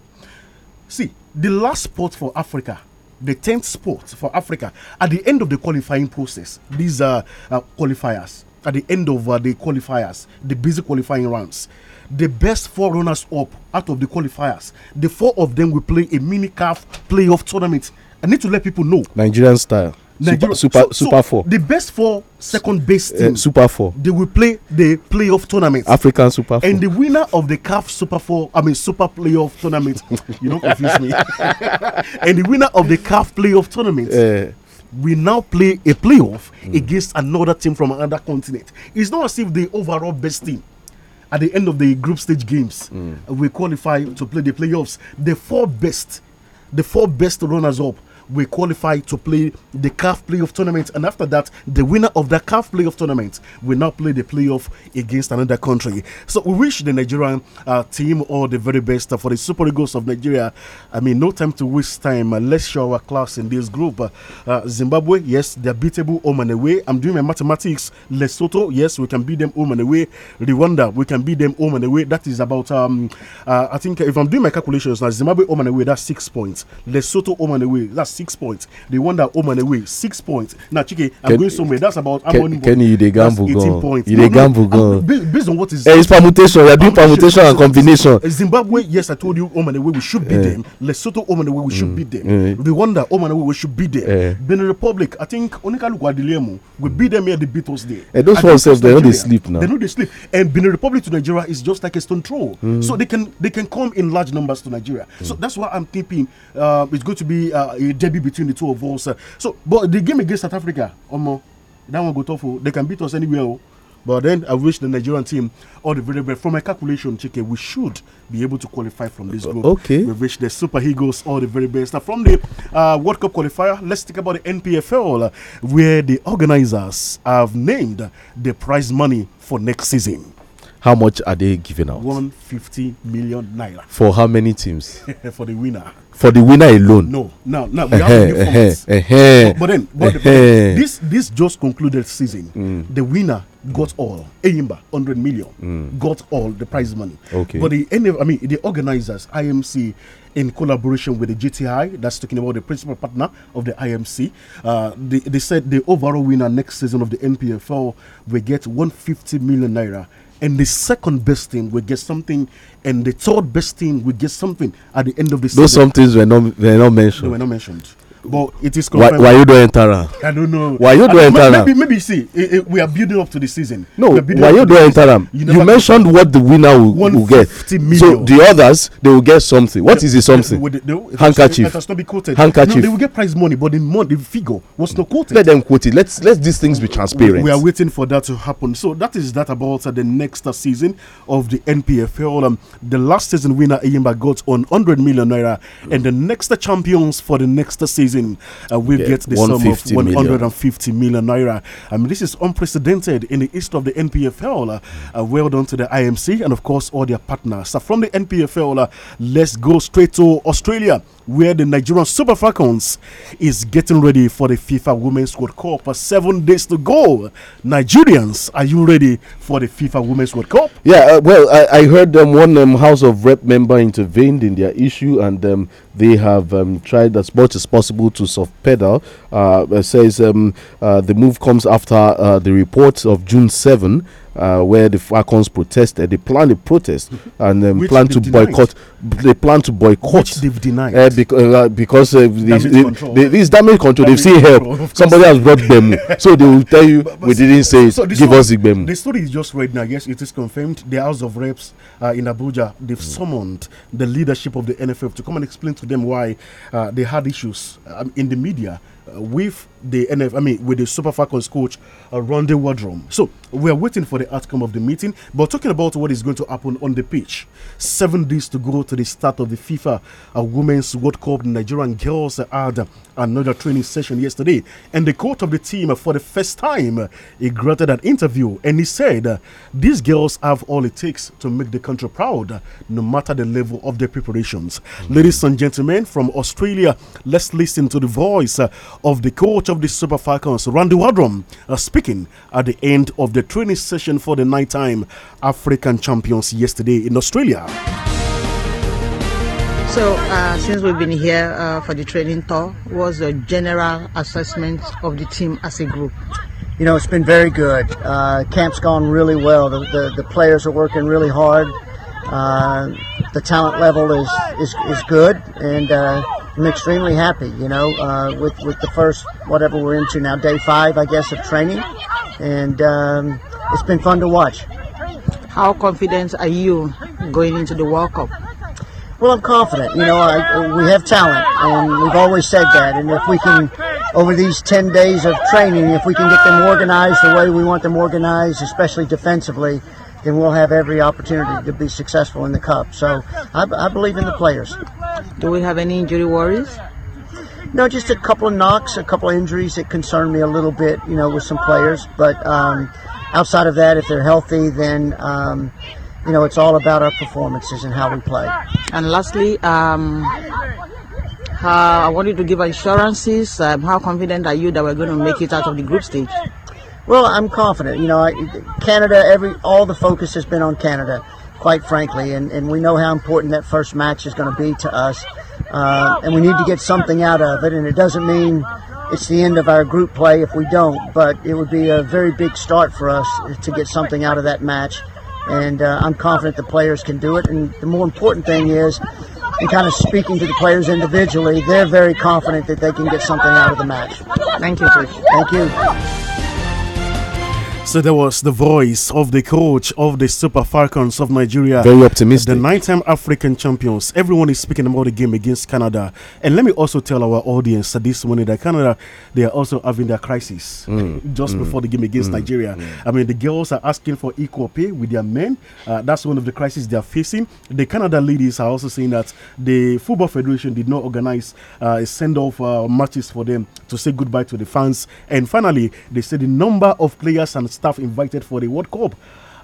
See, the last spot for Africa the 10th spot for Africa at the end of the qualifying process. These are uh, qualifiers. At the end of uh, the qualifiers, the busy qualifying rounds, the best four runners up out of the qualifiers, the four of them will play a mini calf playoff tournament. I need to let people know
Nigerian style. Nigeria, super super, so, super so four. The
best four second base eh, team. Uh, super four. They will play the playoff tournament. African super four. And the winner of the CAF super four, I mean super playoff tournament. you don't confuse me. and the winner of the CAF playoff tournament. Uh, eh. we now play a playoff mm. against another team from another continent. It's not as if the overall best team at the end of the group stage games mm. we qualify to play the playoffs. The four best, the four best runners up will qualify to play the calf playoff tournament. And after that, the winner of the calf playoff tournament will now play the playoff against another country. So we wish the Nigerian uh, team all the very best for the Super Eagles of Nigeria. I mean, no time to waste time. Uh, let's show our class in this group. Uh, uh, Zimbabwe, yes, they're beatable home and away. I'm doing my mathematics. Lesotho, yes, we can beat them home and away. Rwanda, we can beat them home and away. That is about, um, uh, I think, if I'm doing my calculations now, Zimbabwe home and away, that's six points. Lesotho home and away, that's six points. The one that home and away, six points. Now, Chike, I'm Ken, going somewhere. That's about how many Kenny, you they gamble gone. Points. You no, they gamble gone. Based, on what is. Hey, eh, it's permutation. You're doing permutation and combination. Zimbabwe, yes, I told you home and away, we should beat yeah. them. Lesotho, home and away, we should mm. beat them. Mm. that home and away, we should beat them. Yeah. Benin Republic, I think Onikalu Guadilemo, we beat them here, they beat us there. And eh, those ones, they know they sleep now. They know they sleep. And Benin Republic to Nigeria is just like a stone throw. Mm. So they can they can come in large numbers to Nigeria. Mm. So that's why I'm thinking uh, it's going to be uh, a be between the two of us. Eh. So, but the game against South Africa, Omo, that one go tough. Oh. They can beat us anywhere. Oh. But then I wish the Nigerian team all the very best. From my calculation, Chike, we should be able to qualify from this group. Okay. We wish the Super Eagles all the very best. Now, from the uh, World Cup qualifier, let's talk about the NPFL, uh, where the organizers have named the prize money for next season.
How much are they giving out?
150 million naira. For how many teams? for the winner
for the winner alone. No, no, no. We uh -huh, have new uh -huh, uh -huh, but, but, then, but, but this
this just concluded season. Mm. The winner got all. Eyimba, 100 million, mm. got all the prize money. Okay. But the I mean the organizers, IMC, in collaboration with the GTI, that's talking about the principal partner of the IMC, uh, they, they said the overall winner next season of the NPFL will get 150 million naira and the second best team will get something, and the third best team will get something at the end of the Those season. Those some things
were not were not mentioned. They were not
mentioned but it is confirmed. Why, why you don't enter? I don't know. Why you don't enter? Maybe, maybe see, it, it, we are building up to the season. No, why you don't enter?
You, you mentioned what the winner will, will get. Million. So the others they will get something. What is it, something? They, they, they, Handkerchief. It has not be quoted. Handkerchief. No, they will
get prize money, but the month, the figure was not quoted.
Let them quote it. Let's let these things be transparent. We, are
waiting for that to happen. So that is that about uh, the next uh, season of the NPFL. Um, the last season winner Iyimba got on 100 million naira, and the next uh, champions for the next season season, uh, we yeah, get the sum of 150 million. million naira. I um, mean, this is unprecedented in the East of the NPFL. Uh, uh, well done to the IMC and, of course, all their partners. So, from the NPFL, uh, let's go straight to Australia where the Nigerian Super Falcons is getting ready for the FIFA Women's World Cup. Seven days to go. Nigerians, are you ready for the FIFA Women's World Cup?
Yeah,
uh, well, I, I heard um, one um, House of Rep member intervened in their issue, and um, they have um, tried as much as possible to soft pedal. Uh, says um, uh, the move comes after uh, the report of June 7 uh, where the Falcons protested. They planned a protest and um, plan to denied. boycott. They plan to boycott. Which they've denied eh, uh, because uh, because uh, this, this damage control. Damage they've seen control, help. Somebody has brought them, so they will tell you but, but we didn't say so Give us us memo.
The story is just right now. Yes, it is confirmed. The House of Reps uh, in Abuja they've mm. summoned the leadership of the NFF to come and explain to them why uh, they had issues um, in the media uh, with the NF, I mean, with the Super Falcons coach, uh, Ronde Wardrum. So we are waiting for the outcome of the meeting. But talking about what is going to happen on the pitch, seven days to go to the start of the FIFA uh, Women's World Cup. Nigerian girls had uh, another training session yesterday, and the coach of the team, uh, for the first time, he granted an interview, and he said, uh, "These girls have all it takes to make the country proud, uh, no matter the level of their preparations." Mm -hmm. Ladies and gentlemen, from Australia, let's listen to the voice of the coach of the Super Falcons, Randy Wardrum, uh, speaking at the end of the training session for the nighttime African champions yesterday in Australia.
So, uh, since we've been here uh, for the training tour, was the general assessment of the team as a group?
You know, it's been very good. Uh, camp's gone really well. The, the, the players are working really hard. Uh, the talent level is is, is good, and uh, I'm extremely happy. You know, uh, with with the first whatever we're into now, day five, I guess, of training, and um, it's been fun to watch. How confident are you going into the World Cup? Well, I'm confident. You know, I, we have talent, and we've always said that. And if we can, over these 10 days of training, if we can get them organized the way we want them organized, especially defensively, then we'll have every opportunity to be successful in the cup. So I, I believe in the players. Do we have any injury worries? No, just a couple of knocks, a couple of injuries that concern me a little bit, you know, with some players. But um, outside of that, if they're healthy, then, um, you know, it's all about our performances and how we play.
And lastly, um, uh, I wanted to give assurances. Um, how confident are you that we're going to make it out of the group stage?
Well, I'm confident. You know, I, Canada. Every all the focus has been on Canada, quite frankly, and, and we know how important that first match is going to be to us, uh, and we need to get something out of it. And it doesn't mean it's the end of our group play if we don't, but it would be a very big start for us to get something out of that match. And uh, I'm confident the players can do it. And the more important thing is, and kind of speaking to the players individually, they're very confident that they can get something out of the match. Thank you, Coach. Thank you.
So there was the voice of the coach of the Super Falcons of Nigeria. Very optimistic. The nine-time African champions. Everyone is speaking about the game against Canada. And let me also tell our audience this morning that Canada, they are also having their crisis mm. just mm. before the game against mm. Nigeria. Mm. I mean, the girls are asking for equal pay with their men. Uh, that's one of the crises they are facing. The Canada ladies are also saying that the Football Federation did not organize uh, a send-off uh, matches for them to say goodbye to the fans. And finally, they say the number of players and staff invited for the World Cup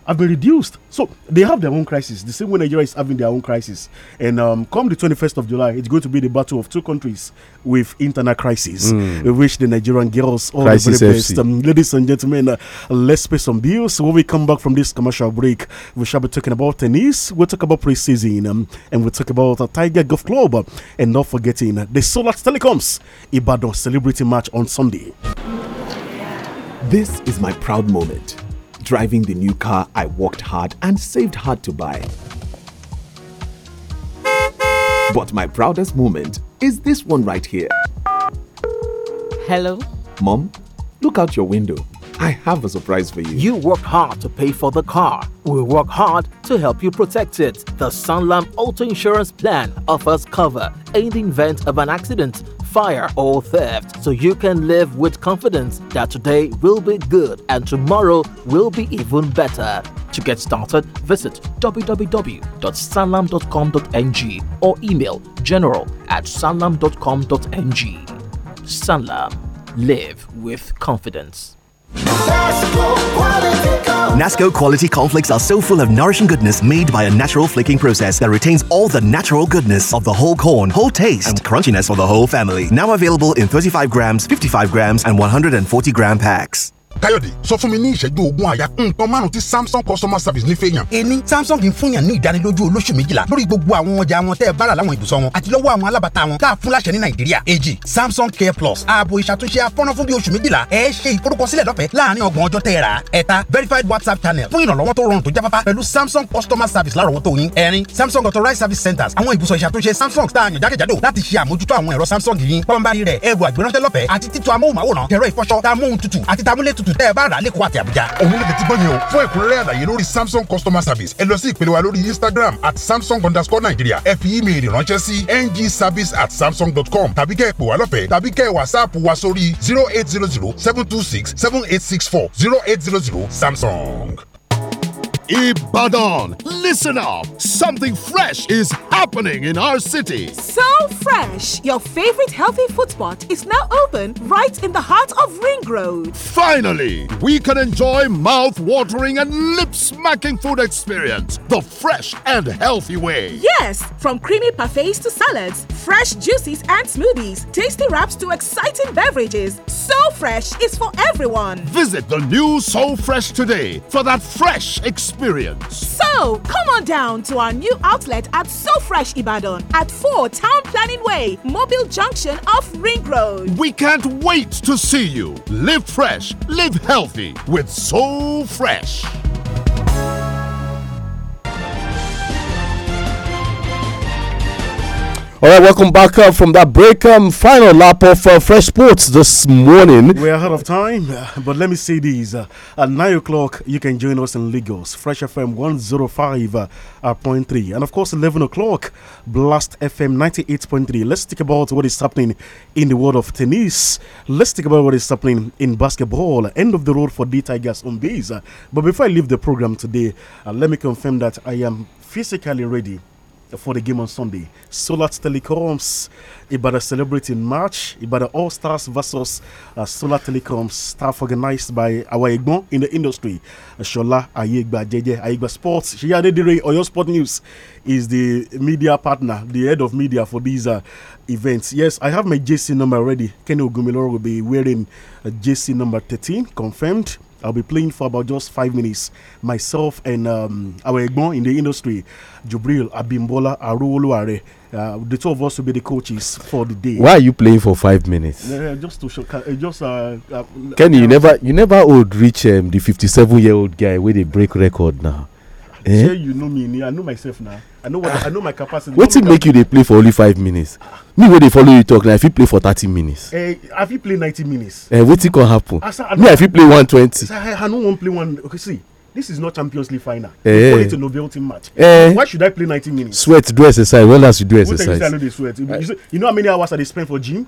have been reduced. So they have their own crisis, the same way Nigeria is having their own crisis. And um, come the 21st of July, it's going to be the battle of two countries with internal crisis, mm. which the Nigerian girls all crisis the very best. Um, ladies and gentlemen, uh, let's pay some bills. When we come back from this commercial break, we shall be talking about tennis, we'll talk about preseason, um, and we'll talk about a uh, Tiger Golf Club, and not forgetting the Solar Telecoms Ibadan celebrity match on Sunday.
This is my proud moment. Driving the new car I worked hard and saved hard to buy. But my proudest moment is this one right here. Hello? Mom, look out your window. I have a surprise for you. You worked hard to pay for the car. We work hard to
help you protect it. The Sunlam Auto Insurance Plan offers cover in the event
of an accident fire or theft so you can live with confidence that today will be good and tomorrow will be even better. To get started, visit
www.salam.com.ng or email general at
salam.com.ng. Salam. Live with confidence.
Nasco quality cornflakes are so full of nourishing goodness made by a natural flaking process that retains all the natural goodness of the whole corn, whole taste, and crunchiness for the whole family. Now available in 35 grams, 55 grams, and 140 gram packs. káyọ̀dé sọ fún mi ní ìṣẹ́jú ogún àyà nǹkan márùn tí samsung customer service ní fẹ́yàn. èmi samsung
ń fún yàn ní ìdánilójú olóṣù méjìlá lórí gbogbo àwọn ọjà wọn tẹ́ ẹ bára láwọn ibùsọ̀ wọn àti lọ́wọ́ àwọn alábàtà wọn tá a fún láṣẹ ní nàìjíríà. èjì samsung care plus ààbò ìṣàtúnṣe afọ́nrán fún bí oṣù méjìlá ẹ ṣe ìforúkọsílẹ̀ lọ́fẹ̀ẹ́ láàárín ọgbọ̀n ọjọ́ tẹ́ ẹ rà. ẹ̀ta verified whatsapp channel fún ìrànlọ́wọ́ tó rọrùn tó jáfáfá pẹ̀lú samsung customer service lárọ̀wọ́tó yín. ẹ̀rin samsung authorized service centers àwọn ibùsọ̀ ìṣàtúnṣe samsung tá a yàn jákèjádò láti ṣe àmójútó àwọn ẹ̀rọ samsung yìí pọ́nbárì rẹ̀ ẹ̀rù àgbéránṣẹ́ lọ́fẹ̀ẹ́ àti títú amóhùnmáwòrán tẹ̀rọ ìfọṣọ tamóhun tutù àti tamúlé tutù lódì. ẹ bá rà ní àti àbújá. òun lè ti gbọ́ yẹn o fún ẹ̀kúnrẹ́rẹ́ àlàyé lórí samsung customer service ẹ lọ sí
ìpele wa lórí instagram at samsung underscore nigeria ẹ fi ímeèlì ránṣẹ́ sí ngservice at samsung dot com tàbí kẹ́ ẹ pè wá lọ́fẹ̀ẹ́ tàbí kẹ́ ẹ wàsáàpù wa sórí zero eight zero zero seven two six seven eight six four zero eight zero zero samsung. Ibadan. Listen up. Something fresh is happening in our city.
So fresh. Your favorite healthy food spot is now open right in the heart of Ring Road.
Finally, we can enjoy mouth-watering and lip-smacking food experience the fresh and healthy way.
Yes, from creamy parfaits to salads, fresh juices and smoothies, tasty wraps to exciting beverages. So fresh is for everyone.
Visit the new So Fresh today for that fresh experience experience.
So, come on down to our new outlet at So Fresh Ibadan at 4 Town Planning Way, Mobile Junction off Ring Road. We can't wait to see you. Live fresh,
live healthy with So Fresh.
All right, welcome back uh, from that break. Um, final lap of uh, Fresh Sports this morning.
We're ahead of time, uh, but let me say these: Uh, at 9 o'clock, you can join us in Lagos, Fresh FM 105.3. Uh, and of course, 11 o'clock, Blast FM 98.3. Let's talk about what is happening in the world of tennis. Let's talk about what is happening in basketball. End of the road for the Tigers on base. Uh, but before I leave the program today, let me confirm that I am physically ready for the game on Sunday. Solat Telecoms about Ibadan celebrating March, the All Stars versus uh, Solar Telecoms, staff organized by our Egbon in the industry, Shola Ayegba Jeje, Ayegba Sports. Shiyade Dire, Oyo Sport News is the media partner, the head of media for these uh, events. Yes, I have my JC number ready. Kenny Ogumiloro will be wearing uh, JC number 13, confirmed. I'll be playing for about just five minutes. Myself and um, our Egbon in the industry, Jubril Abimbola Aruoluare, uh, the two of us will be the coaches for the day. Why are you playing for five minutes? Uh, just to show, eh, uh, just uh, Kenny,
you uh, never, you never would reach um, the fifty-seven-year-old guy with a break record now eh? shey
you know me i know myself now. i know what i know my capacity. wetin make you They play
for only five minutes me wey they follow you talk now? If you play for thirty minutes.
Eh, i fit play ninety minutes. Eh, going come happen me if you play one twenty. i know one play one okay see this is not champions league final. Eh, we call it a novelty match. Eh, why should i play ninety minutes. sweat
do exercise when last you do exercise.
you sweat you, know how many hours i they spend for gym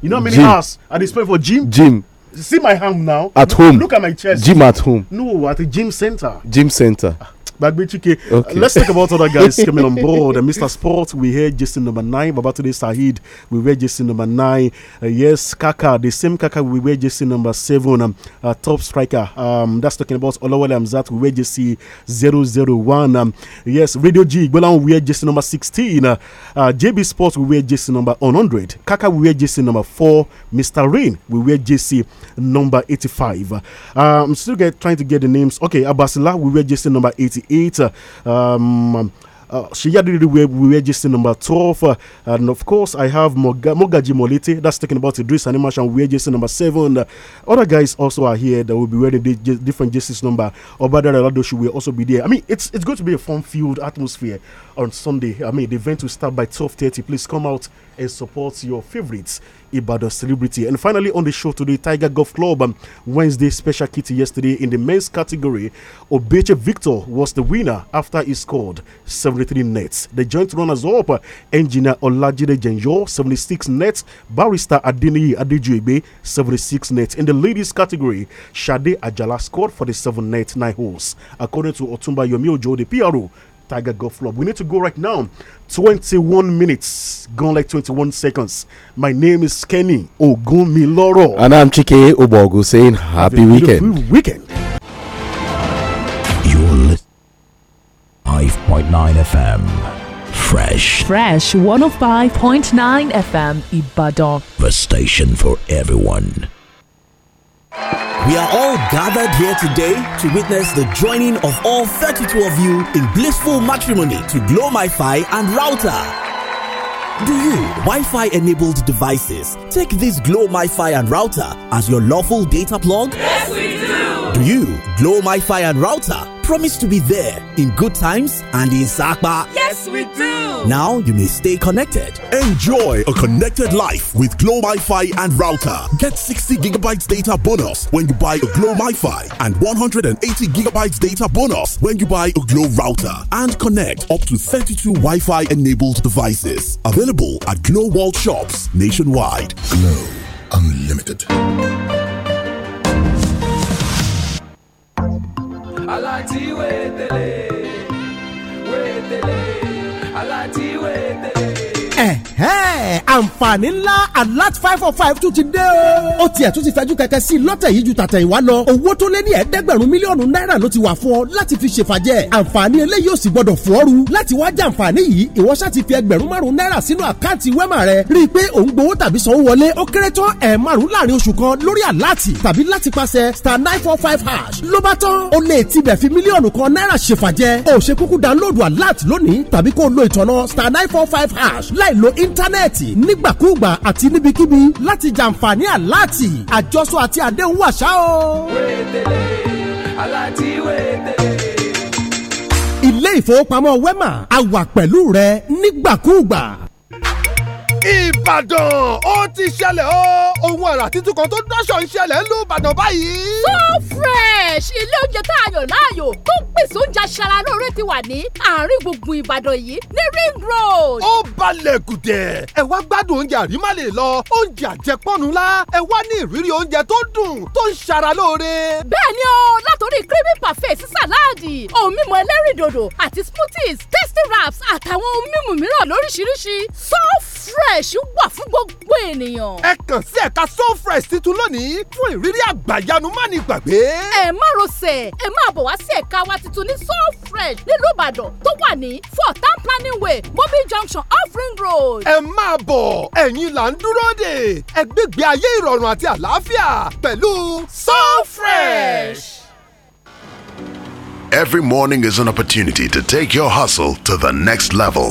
you know how many gym. hours i they spend for gym. gym see my hand now. at look, home look at my chest. gym at home. no at the gym center.
gym center
okay. Let's talk about other guys coming on board. Uh, Mr. Sports we hear Justin number nine. Babatunde Sahid, we wear Justin number nine. Uh, yes, Kaka, the same Kaka we wear Justin number seven. Um, uh, top striker. Um, that's talking about Olawale Amzat, we wear JC 001. Um, yes, Radio G, Gbolan, we wear Justin number 16. Uh, uh JB Sports, we wear Justin number 100. Kaka, we wear Justin number four. Mr. Rain, we wear JC number 85. I'm um, still get, trying to get the names. Okay, Abasila, we wear Justin number 88. 8. Uh, um, uh, Shiyadiri we, we number 12 uh, and of course I have Moga, Mogaji Moliti. that's talking about Idris Animash and we're just number 7 uh, other guys also are here that will be wearing the, the different justice number Obada Raladoshi will also be there I mean it's it's going to be a fun filled atmosphere on Sunday I mean the event will start by 12.30 please come out and support your favorites Ibadan celebrity. And finally, on the show today, Tiger Golf Club um, Wednesday special kitty yesterday in the men's category. Obeche Victor was the winner after he scored 73 nets. The joint runners up, uh, engineer Olajide Jenjo, 76 nets, barrister Adini Adejuebe, 76 nets. In the ladies category, Shade Ajala scored for the 7 net 9 holes. According to Otumba Yomiojo, the PRO, Tiger Golf Club. We need to go right now. 21 minutes, gone like 21 seconds. My name is Kenny Ogumiloro.
And I'm Chike Obogu saying happy
weekend. weekend. You're listening 5.9 FM.
Fresh. Fresh 105.9 FM Ibadan. The station for everyone.
We are all gathered here today to witness the joining of all 32 of you in blissful matrimony to Glow MiFi and Router. Do you, Wi-Fi enabled devices, take this Glow MiFi and Router as your lawful data plug? Yes, we do. Do you, Glow MiFi and Router? promise to be there in good times and in Sakpa.
Yes, we do.
Now you may stay connected. Enjoy a
connected life with Glow MiFi and router. Get 60 gigabytes data bonus when you buy a Glow MiFi and 180 gigabytes data bonus when you buy a Glow router and connect up to 32 Wi-Fi enabled devices. Available at Glow World shops nationwide. Glow Unlimited.
aláti wé tẹ̀lé.
àǹfààní ńlá alert five four five tún ti dé o. ó tiẹ̀ tún ti fẹ́jú kẹ̀kẹ́ sí i lọ́tẹ̀ yìí ju tàtẹ̀ ìwá lọ. owó tó lé ní ẹ̀ẹ́dẹ́gbẹ̀rún mílíọ̀nù náírà ló ti wà fún ọ láti fi ṣèfàjẹ́. àǹfààní eléyìí ò sì gbọdọ̀ fọ́ọ̀rù. láti wá jẹ àǹfààní yìí ìwọ ṣá ti fi ẹgbẹ̀rún márùn-ún náírà sínú àkáǹtì wẹ́mà rẹ. rí i pé ò ń gbowó tàbí sanwó wọlé ó kéré tán ẹ̀ márùn-ún láàrin oṣù kan lórí àláàtì tàbí láti pàṣẹ star nine four five hash. ló bá tán o lè tibẹ̀ fi mílíọ̀nù kan náírà ṣèfàjẹ́. o ṣe kúkú dáńlóòdù àláàtì lónìí tàbí kó o lo ìtọ̀nà star nine four five hash láì lo in íńtánẹ́ẹ̀tì nígbàkúùgbà àti níbikíbi láti jàǹfààní àláàtì àjọsọ àti àdéhùn wàṣà o. ilé ìfowópamọ́ wema a wà pẹ̀lú rẹ nígbàkúùgbà
ìbàdàn ó ti ṣẹlẹ̀ ó ohun àrà tuntun kan tó dáṣọ ń ṣẹlẹ̀ ń lu ìbàdàn báyìí. so fresh ilé oúnjẹ tá a yàn láàyò tó ń pèsè oúnjẹ aṣaralóore ti wà ní àárín gbùngbùn ìbàdàn yìí ní ring road. ó balẹ̀ kùtẹ̀ ẹ wá gbádùn oúnjẹ
àrímá lè lọ oúnjẹ àjẹpọ́nu la ẹ wá ní ìrírí oúnjẹ tó dùn tó ń ṣaralóore.
bẹ́ẹ̀ ni o látòrí creamy parfait sí sàláàdì ohun mímu ẹlẹ́rìndòdò àti smoothies tasty wraps àtàwọn ohun mímu mìíràn lóríṣiríṣi so fresh fresh wà fún gbogbo ènìyàn.
ẹ kàn sí ẹ̀ka so fresh titun lónìí fún ìrírí àgbàyanu má
gbàgbé. ẹ má rọsẹ̀ ẹ máa bọ̀ wá sí ẹ̀ka wa titun ní so fresh nílùú ìbàdàn tó wà ní four town planning way mobil junction off ring road. ẹ
máa bọ̀ ẹ̀yin là ń dúró de ẹgbẹ́gbẹ́ ayé ìrọ̀rùn àti àlàáfíà pẹ̀lú so
fresh.
Every morning is an opportunity to take your hustle to the next level.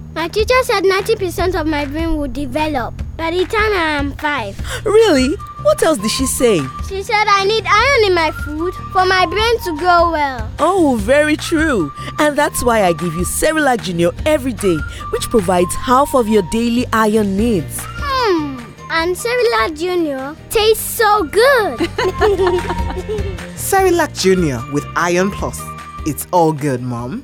my teacher said 90% of my brain will develop by the time I am five. Really? What
else did she say?
She said I need iron in my food for my brain to grow well. Oh,
very true. And that's why I give you Cerilac Junior every day, which provides half of your daily iron needs.
Hmm. And Cerilac Junior tastes so good.
Cerilac Junior with Iron Plus. It's all good, Mom.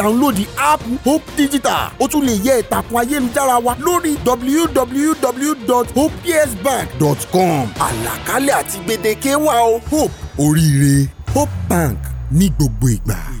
download the app hope digital O tún lè yẹ ìtàkùn ayélujára wa lórí www.hopesbank.com
àlàkalẹ̀ àti gbèdéke wa o hope oríire hope bank ní gbogbo ìgbà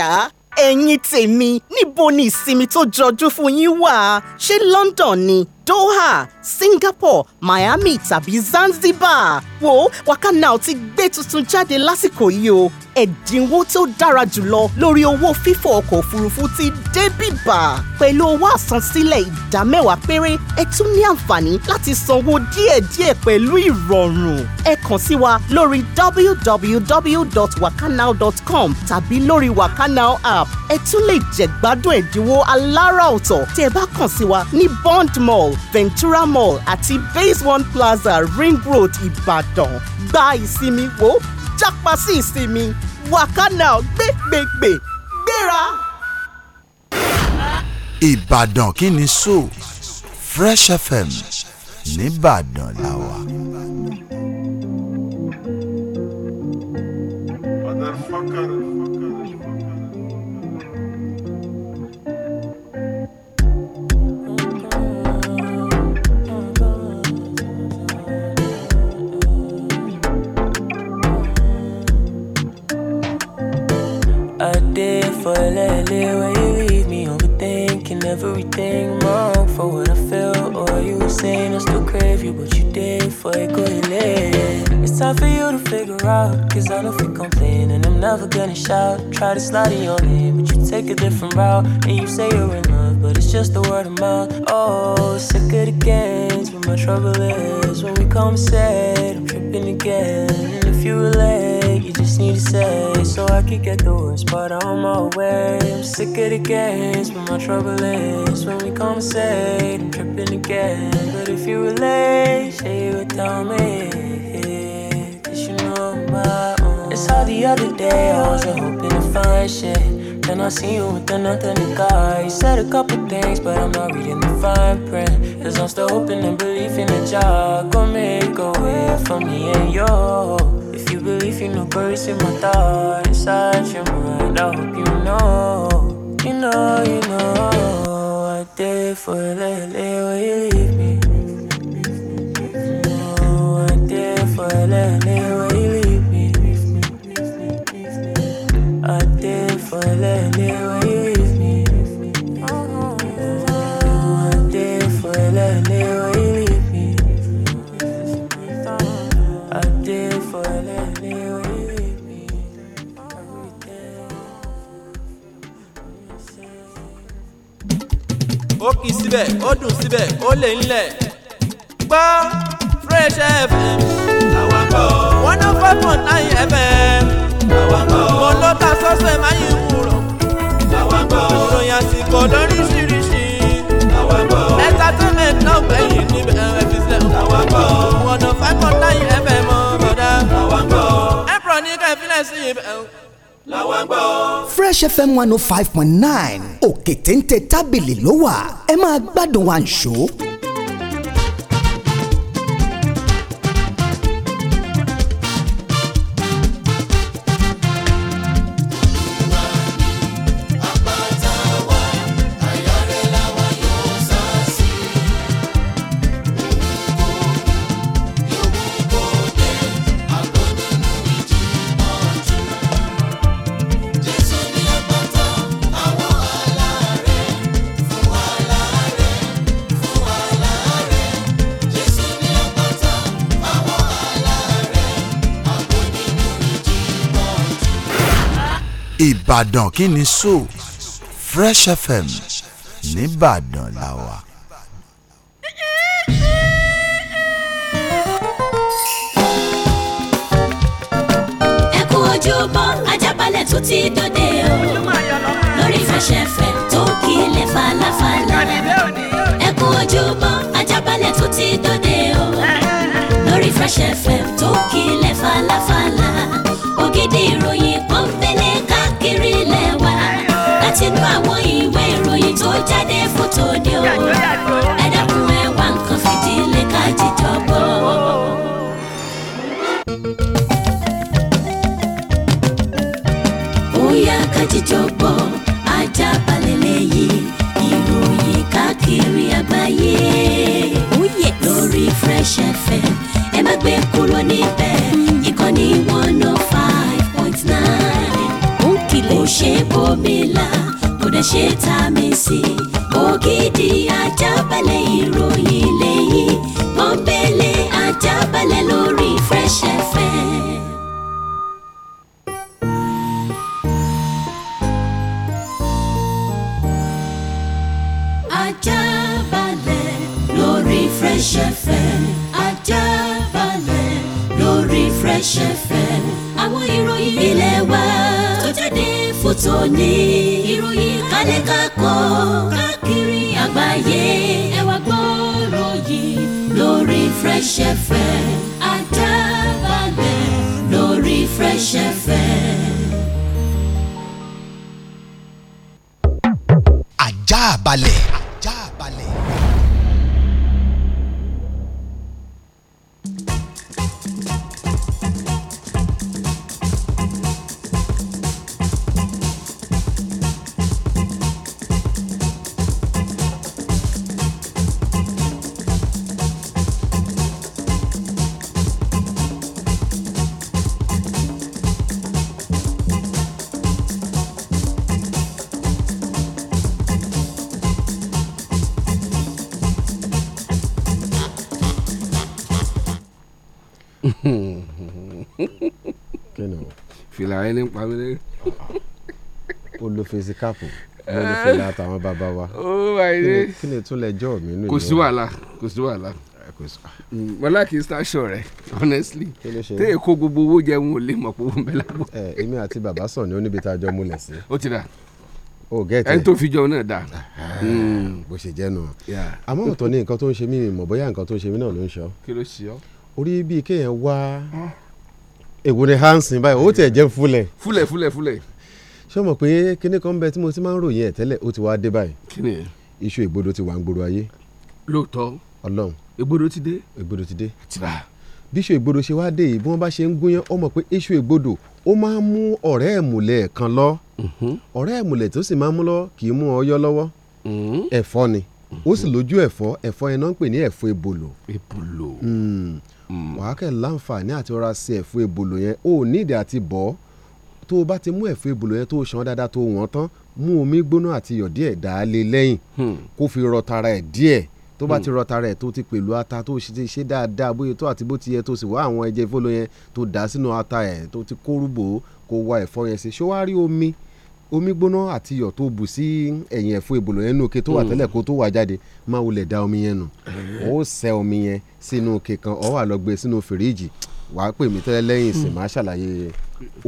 ajá ẹ̀yin tèmi níbo ni ìsinmi tó jọjú fún yín wà ṣé London ni Doha Singapore Miami tàbí Zanzibar wo Wakanow ti gbé tuntun jáde lásìkò yìí o ẹ̀dínwó tó dára jùlọ lórí owó fífò ọkọ̀ òfurufú ti dé bíbà pẹ̀lú owó àsansílẹ̀ ìdá mẹ́wàá péré ẹ tún ní àǹfààní láti sanwó díẹ̀díẹ̀ pẹ̀lú ìrọ̀rùn ẹ kàn sí wa lórí www.wakanow.com tàbí lórí Wakanow app ẹ tún lè jẹ̀gbádùn ẹ̀dínwó alára ọ̀tọ̀ tí ẹ bá kàn sí wa ní Bond Mall ventura mall àti base one plaza ring road ìbàdàn gba ìsinmi wo jápa sí ìsinmi wakana gbẹgbẹgbẹ gbéra.
ìbàdàn kí ni so fresh fm nìbàdàn làwà.
there for a little you leave me overthinking everything wrong for what I feel or you saying I still crave you but you did for a good it's time for you to figure out cause I don't feel i and I'm never gonna shout try to slide in your name but you take a different route and you say you're in love but it's just a word of mouth oh sick of the games but my trouble is when we come set I'm tripping again and if you relate need to say so I can get the worst part on my way. I'm sick of the games, but my trouble is when we conversate, I'm tripping again. But if you relate, say you would tell me. Yeah, Cause you know my own. It's all the other day I was hoping to find shit. Then I see you with another guy. You said a couple things, but I'm not reading the fine print. Cause I'm still hoping and believing that y'all Go make a way for me and you you believe in no birds in my thoughts inside your mind. I hope you know, you know, you know. I did for lately,
síbẹ̀ ó dùn síbẹ̀ ó lè ńlẹ̀. gbọ́
fresh fm. àwọn one oh five point nine fm. àwọn mo ló ta sọ́sẹ̀ máa yin wúrọ̀. àwọn kọ́. ìròyìn àsìkò
lóríṣiríṣi. àwọn entertainment náà gbẹ̀yìn níbẹ̀ ẹ fi sẹ́. àwọn one oh five point nine fm ọ̀bọ̀dá. àwọn kọ́. ẹ pọ̀ ní kẹ́fílẹ̀ sí ibẹ̀ làwọn gbọ́.
fresh fm one oh five point nine òkè téńté tábìlì ló wà ẹ máa gbádùn wa ń ṣó.
ìbàdàn kí ni so fresh fm nìbàdàn la wà.
ẹ kú ojúbọ ajábalẹ̀ tó ti dòde o lórí fresh fm tó kílẹ̀ falafala ẹ kú ojúbọ ajábalẹ̀ tó ti dòde o lórí fresh fm tó kílẹ̀ falafala ògidì ìròyìn. 千万我以为，若。
yín ní pa mí lé. ó lo fèsì káàpù mo ló fèlè àtàwọn bàbá wa oh, kí ni tún
lẹjọ́ mi nù. kò sí
wàhálà kò sí wàhálà wọlá kì í sáṣọ rẹ honestly téè
kó gbogbo owó jẹun ò lè mọ̀ owó ń bẹ eh, èmi àti bàbá sọ ni ó níbi tá a jọ múlẹ̀ sí. ó ti dà o gẹ́tẹ̀ ẹni tó fi
jọ náà dà. Ah,
ah, mm. bó ṣe jẹ́ nù. àmọ́ ọ̀tọ̀ ni nǹkan tó ń ṣe mí mọ̀ bóyá nǹkan tó ń ṣe mí náà ló ń ṣọ́. kí ló ṣe ọ́. orí bíi kéèyàn wá. Ah èwo ni hansin báyìí owó tiẹ̀ jẹ́ fúlẹ̀.
fúlẹ̀ fúlẹ̀ fúlẹ̀.
ṣé o mọ̀ pé kíní kan bẹ tí mo ti máa ń ròyìn ẹ̀ tẹ́lẹ̀ ó ti wá dé báyìí. kíni ẹ. iṣu ìgbódò ti wà ń gbòòrò ayé. lóòótọ́. ọlọ́run. ìgbódò ti dé. ìgbódò ti dé. àtìrà. bí iṣu ìgbódò ṣe wá dé yìí bí wọ́n bá ṣe ń gúnyán ó mọ̀ pé iṣu ìgbódò ó máa ń mú ọ̀rẹ́ ẹ̀mùlẹ̀ kan lọ. Mm-hmm. ọ̀rẹ́ ẹ̀mùlẹ̀ tó sì máa ń mú lọ kì í mú ọyọ́ lọ́wọ́. Mm-hmm. ẹ̀fọ́ ni ó sì mm-hmm. lójú ẹ̀fọ́ ẹ̀fọ́ yẹn náà ń pè ní ẹ̀fọ́ ebòlò. ebòlò. Hmm. Mm. wàá láǹfààní àti ọ̀rá sí ẹ̀fọ́ ebolo yẹn ó nídìí àti bọ́ tó o bá ti mú ẹ̀fọ́ ebolo yẹn tó o ṣan dáadáa tó o wọ́n tán mú omi gbóná àti iyọ̀ díẹ̀ dà á lé lẹ́yìn hmm. kó fi rọ tara ẹ̀ díẹ̀ tó bá hmm. ti rọ tara ẹ̀ tó ti pẹ̀lú ata tó ti ṣe dáadáa bóyá tó àti bó ti yẹ tó sì wá àwọn ẹ̀jẹ̀ ìfọ́lọ́ yẹn tó dà sínú ata ẹ̀ tó ti kórúbó kó wa ẹ̀fọ́ yẹn sí ṣó wá rí omi omi gbóná àti iyọ̀ tó bù sí ẹ̀yìn ẹ̀fọ́ ìbòlò yẹn nù ke tó wà mm. tẹ́lẹ̀ kó tó wà jáde máa wulẹ̀ da omi yẹn nù eh. ó sẹ omi yẹn sínú ke kan ó wá lọ gbé e sínú fìríìjì wàá pè mí tẹ́lẹ̀ lẹ́yìn ìsìn máa mm. ṣàlàyé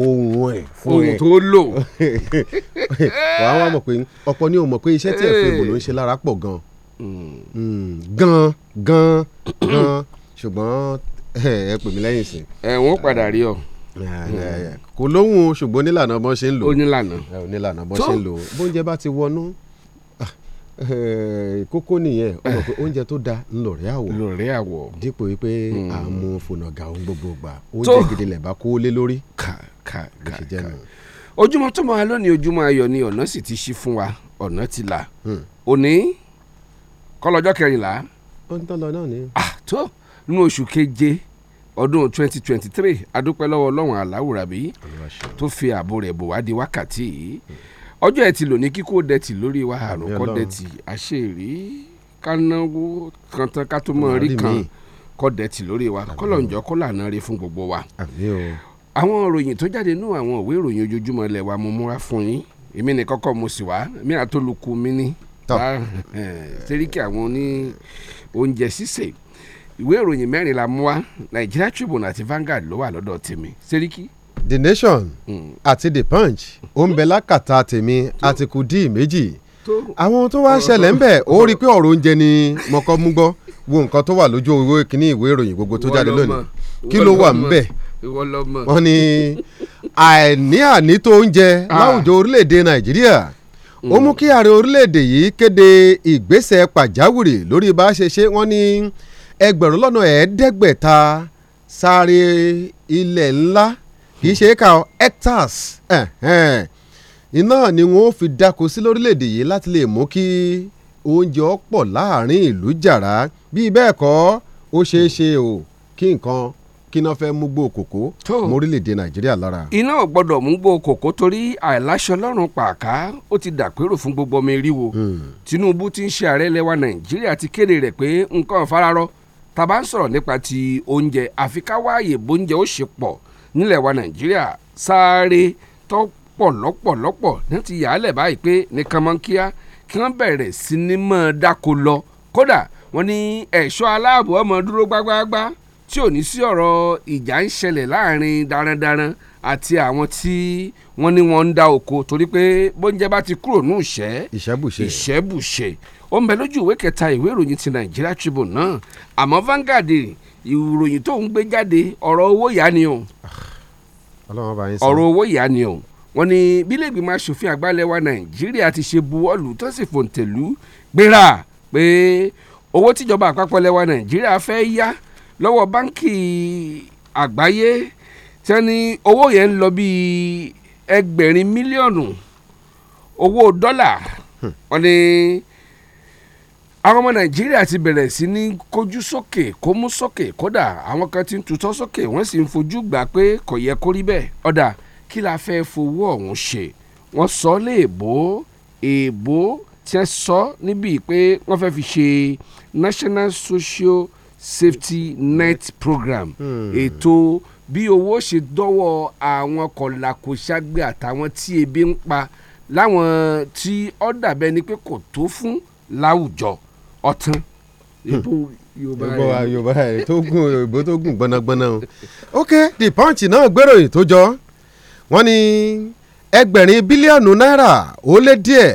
ohun ẹ̀ fún ẹ ohun tó lò wàá wá mọ̀ pé ọ̀pọ̀ ni o mọ̀ pé iṣẹ́ tí ẹ̀fọ́ ìbòlò ń ṣe lára pọ̀ gan mm. gan gan gan ṣùgbọ́n ẹ pè mí lẹ́yìn ìsìn. ẹ wọ́n padà rí ọ kò lóhùn ṣùgbọ́n nílànà bọ́n ṣe ń lò ó nílànà ó nílànà bọ́n ṣe ń lò ó bóúnjẹ bá ti wọnú ah, eh, kókó nìyẹn ó pé oúnjẹ tó da ńlọrẹ́ àwọ̀ ńlọrẹ́ àwọ̀ dípò wípé à ń mu fònàgà ohun gbogbo gbà oúnjẹ gidi lẹ̀ bá kó lé lórí. kà kà kà
kà ojúmọ́ tó máa lónìí ojúmọ́ ayọ̀ ni ọ̀nà sì ti ṣí fún wa ọ̀nà ti là hmm. òní kọ́lọ́jọ́ kẹrìnlá.
ó ń tán lọ náà ni.
àtó ah, nínú oṣù keje ọdún 2023 adúpẹ́ lọ́wọ́ ọlọ́run aláwùrábí tó fi ààbò rẹ̀ bò wá di wákàtí yìí ọjọ́ ẹtì lòní kíkó dẹ̀tì lórí wa àrùn kọ́ dẹ̀tì àṣeyìrí kánáwó kan tán ká tó mọ̀ rí kan kọ́ dẹ̀tì lórí wa kọ́lọ̀njọ́ kọ́lànà rí fún gbogbo wa. àwọn ìròyìn tó jáde nú àwọn ìwé ìròyìn ojoojúmọ́ ilẹ̀ wa mo múra fún yín èmi ní kọ́kọ́ mo sì wá mi àtolùkù mi ní. tẹ́ríkì àwọn oní oúnjẹ sísè ìwé ìròyìn mẹ́rin la mú wa Nigeria Tribune àti Vanguard ló wà lọ́dọ̀ tèmi Seriki.
The Nation hmm. àti mm. The Punch ó ń bẹ lákàtà tèmi àti kù díì méjì àwọn tó wá ṣẹlẹ̀ ń bẹ̀ ó rí i pé ọ̀rọ̀ oúnjẹ ni mọ̀kọ́ mú gbọ́ wo nǹkan tó wà lójú owó kínní ìwé ìròyìn gbogbo tó jáde lónìí kí ló wà ń bẹ̀ wọ́n ní àìní ànító oúnjẹ ah. láwùjọ orílẹ̀-èdè Nàìjíríà ó mú hmm. kí ààrẹ orílẹ̀-èdè yìí kéde ìgbésẹ̀ pàjáwìrì lórí bá a ṣe ṣe wọ́n ní. Ni ẹgbẹ̀rún lọ́nà ẹ̀ẹ́dẹ́gbẹ̀ta sáré ilẹ̀ ńlá kì í ṣe é kà ọ́ hectares iná ni wọn ó fi dáko sí lórílẹ̀‐èdè yìí láti lè mú kí oúnjẹ ọ̀pọ̀ láàrin ìlú jàrá bí bẹ́ẹ̀ kọ́ ó ṣeé ṣe o kí nǹkan kí iná fẹ́ mú gbó kòkó mórílẹ̀‐èdè nàìjíríà lára.
iná ò gbọ́dọ̀ mú gbó kòkó torí àìláṣọ lọ́rùn pàká ó ti dàpérò fún gbogbo ọmọ eriwo hmm. Tinubu ti ń ṣe ààrẹ lẹwa nàìjíríà ti kéde rẹ̀ pé nǹkan fararọ tá a bá ń sọ̀rọ̀ nípa ti oúnjẹ àfi ká wáàyè bóúnjẹ ó ṣe pọ̀ nílẹ̀ wa nàìjíríà sáré tó pọ̀ lọ́pọ̀lọpọ̀ ní ti yàálẹ̀ báyìí pé nìkan mọ́ kíá kí wọ́n bẹ̀rẹ̀ sí ní mọ́ dáko lọ kódà wọ́n ní ẹ̀ṣọ́ aláàbò ọmọ dúró gbágbáágbá tí ò ní sí ọ̀rọ̀ ìjà ń ṣẹlẹ̀ láàrin darandaran àti àwọn tí wọ́n ní wọ́n ń da oko torí pé bóúnjẹ bá ti kúrò ní ìṣẹ́ ìṣẹ́bùṣe ó ń bẹ lójú ìwé kẹta ìwé ìròyìn ti Nigeria Tribune náà àmọ́ Vanguard ìròyìn tó ń gbé jáde ọ̀rọ̀ owó ìyá ni o ọ̀rọ̀ owó ìyá ni o wọ́n ní bílẹ̀ ìgbìmọ̀ asòfin àgbà ilẹ̀ wa Nàìjíríà ti ṣe buwọ́lù tó sì fòǹtẹ̀lù gbéra pé owó tíjọba àpapọ̀ ilẹ̀ wa Nàìjíríà fẹ́ yá lọ́wọ́ báńkì àgbáyé tí wọ́n ní owó yẹn ń lọ bíi ẹgbẹ̀rin mílíọ̀nù owó dọ́là hmm. wọ́n ní. Hmm àwọn ọmọ nàìjíríà ti bẹ̀rẹ̀ sí ní kojú sókè kó mú sókè kódà àwọn kan ti ń tutọ́ sókè wọ́n sì ń fojú gbà pé kò yẹ kó rí bẹ́ẹ̀ ọ̀dà kí la fẹ́ fowó ọ̀hún ṣe wọ́n sọ lé èbó èbó tí wọ́n sọ níbi pé wọ́n fẹ́ fi ṣe national social safety net program hmm. ètò bí owó ṣe dọ́wọ́ àwọn kọ̀làkọ̀ṣàgbé àtàwọn tí ebi ń pa láwọn tí ọ̀dà bẹ́ẹ̀ ni pé kò tó fún
láwùjọ ọ̀tún ètò yorùbá rẹ tó gùn òyìnbó tó gùn gbọnagbọna o ok the punch náà gbèròyìn tó jọ wọ́n ní ẹgbẹ̀rin bílíọ̀nù náírà ó lé díẹ̀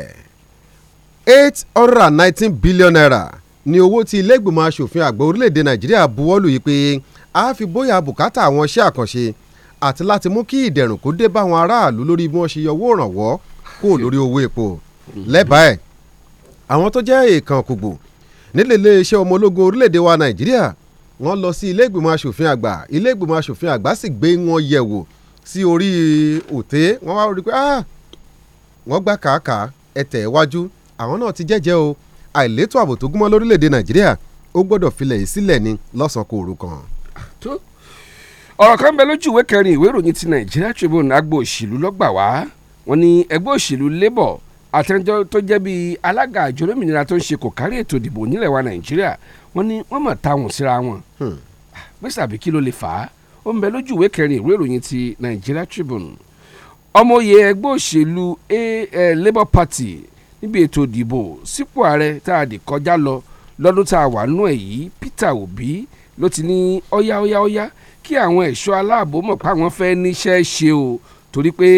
eight hundred and nineteen billion naira ni owó tí ilégbèmọ̀ asòfin àgbà orílẹ̀-èdè nàìjíríà buwọ́lù yìí pé a fi bóyá bùkátà àwọn iṣẹ́ àkànṣe àti láti mú kí ìdẹ̀rùn kó dé bá àwọn aráàlú lórí bí wọ́n ṣe yọ owó ìrànwọ́ kó lórí owó epo lẹ́bàá ẹ̀ àwọn tó jẹ́ èèkàn kùgbò nílé iléeṣẹ́ ọmọ ológun orílẹ̀-èdè wa nàìjíríà wọ́n lọ sí ilé ìgbìmọ̀ asòfin àgbà ilé ìgbìmọ̀ asòfin àgbà sì gbé wọn yẹ̀ wò sí orí òté wọ́n wá rí i pé wọ́n gbà kàákà ẹ̀tẹ̀ iwájú àwọn náà ti jẹ́jẹ́ o àìlétò ààbò tó gúnmọ́ lórílẹ̀‐èdè nàìjíríà ó gbọ́dọ̀ filẹ̀ yìí sílẹ̀ ni lọ́sàn kò rú kan.
ọ̀rọ̀ àtẹnudọ́ tó jẹ́ bíi alága àjọ olómìnira tó ń ṣe kò kárí ètò ìdìbò nílẹ̀ wa nàìjíríà wọ́n ní wọ́n mọ̀ táwọn síra wọn hmm. ah, mr abiki ló lè fà á ó ń bẹ lójú ìwé kẹrin ìwé ìròyìn ti nigeria tribune ọmọye ẹgbẹ́ òṣèlú eh, labour party níbi ètò ìdìbò sípò ààrẹ tá a dì kọjá lọ lọ́dún tá a wà nù ẹ̀ yìí peter obi ló ti ní ọ̀yá kí àwọn ẹ̀ṣọ́ aláàbò mọ̀ pé àwọn fẹ́ níṣẹ́ ṣe o torí pé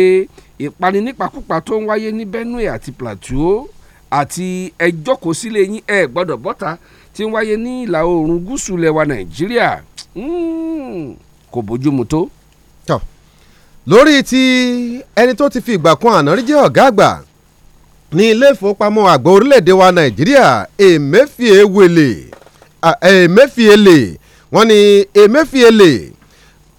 ìpani nípakúpa tó ń wáyé ní Benue àti Plateau àti ẹjọ́ kò sílé yín ẹ gbọ́dọ̀ bọ́ta tí ń wáyé ní ìlà oòrùn gúúsù lẹwa Nàìjíríà
hmm, kò bójúmu tó. lórí ti ẹni tó ti fi ìgbà kan àná rí jẹ́ ọ̀gá àgbà ní ilé ìfowópamọ́ àgbà orílẹ̀-èdè wa Nàìjíríà Emefiele Emefiele wọ́n ní Emefiele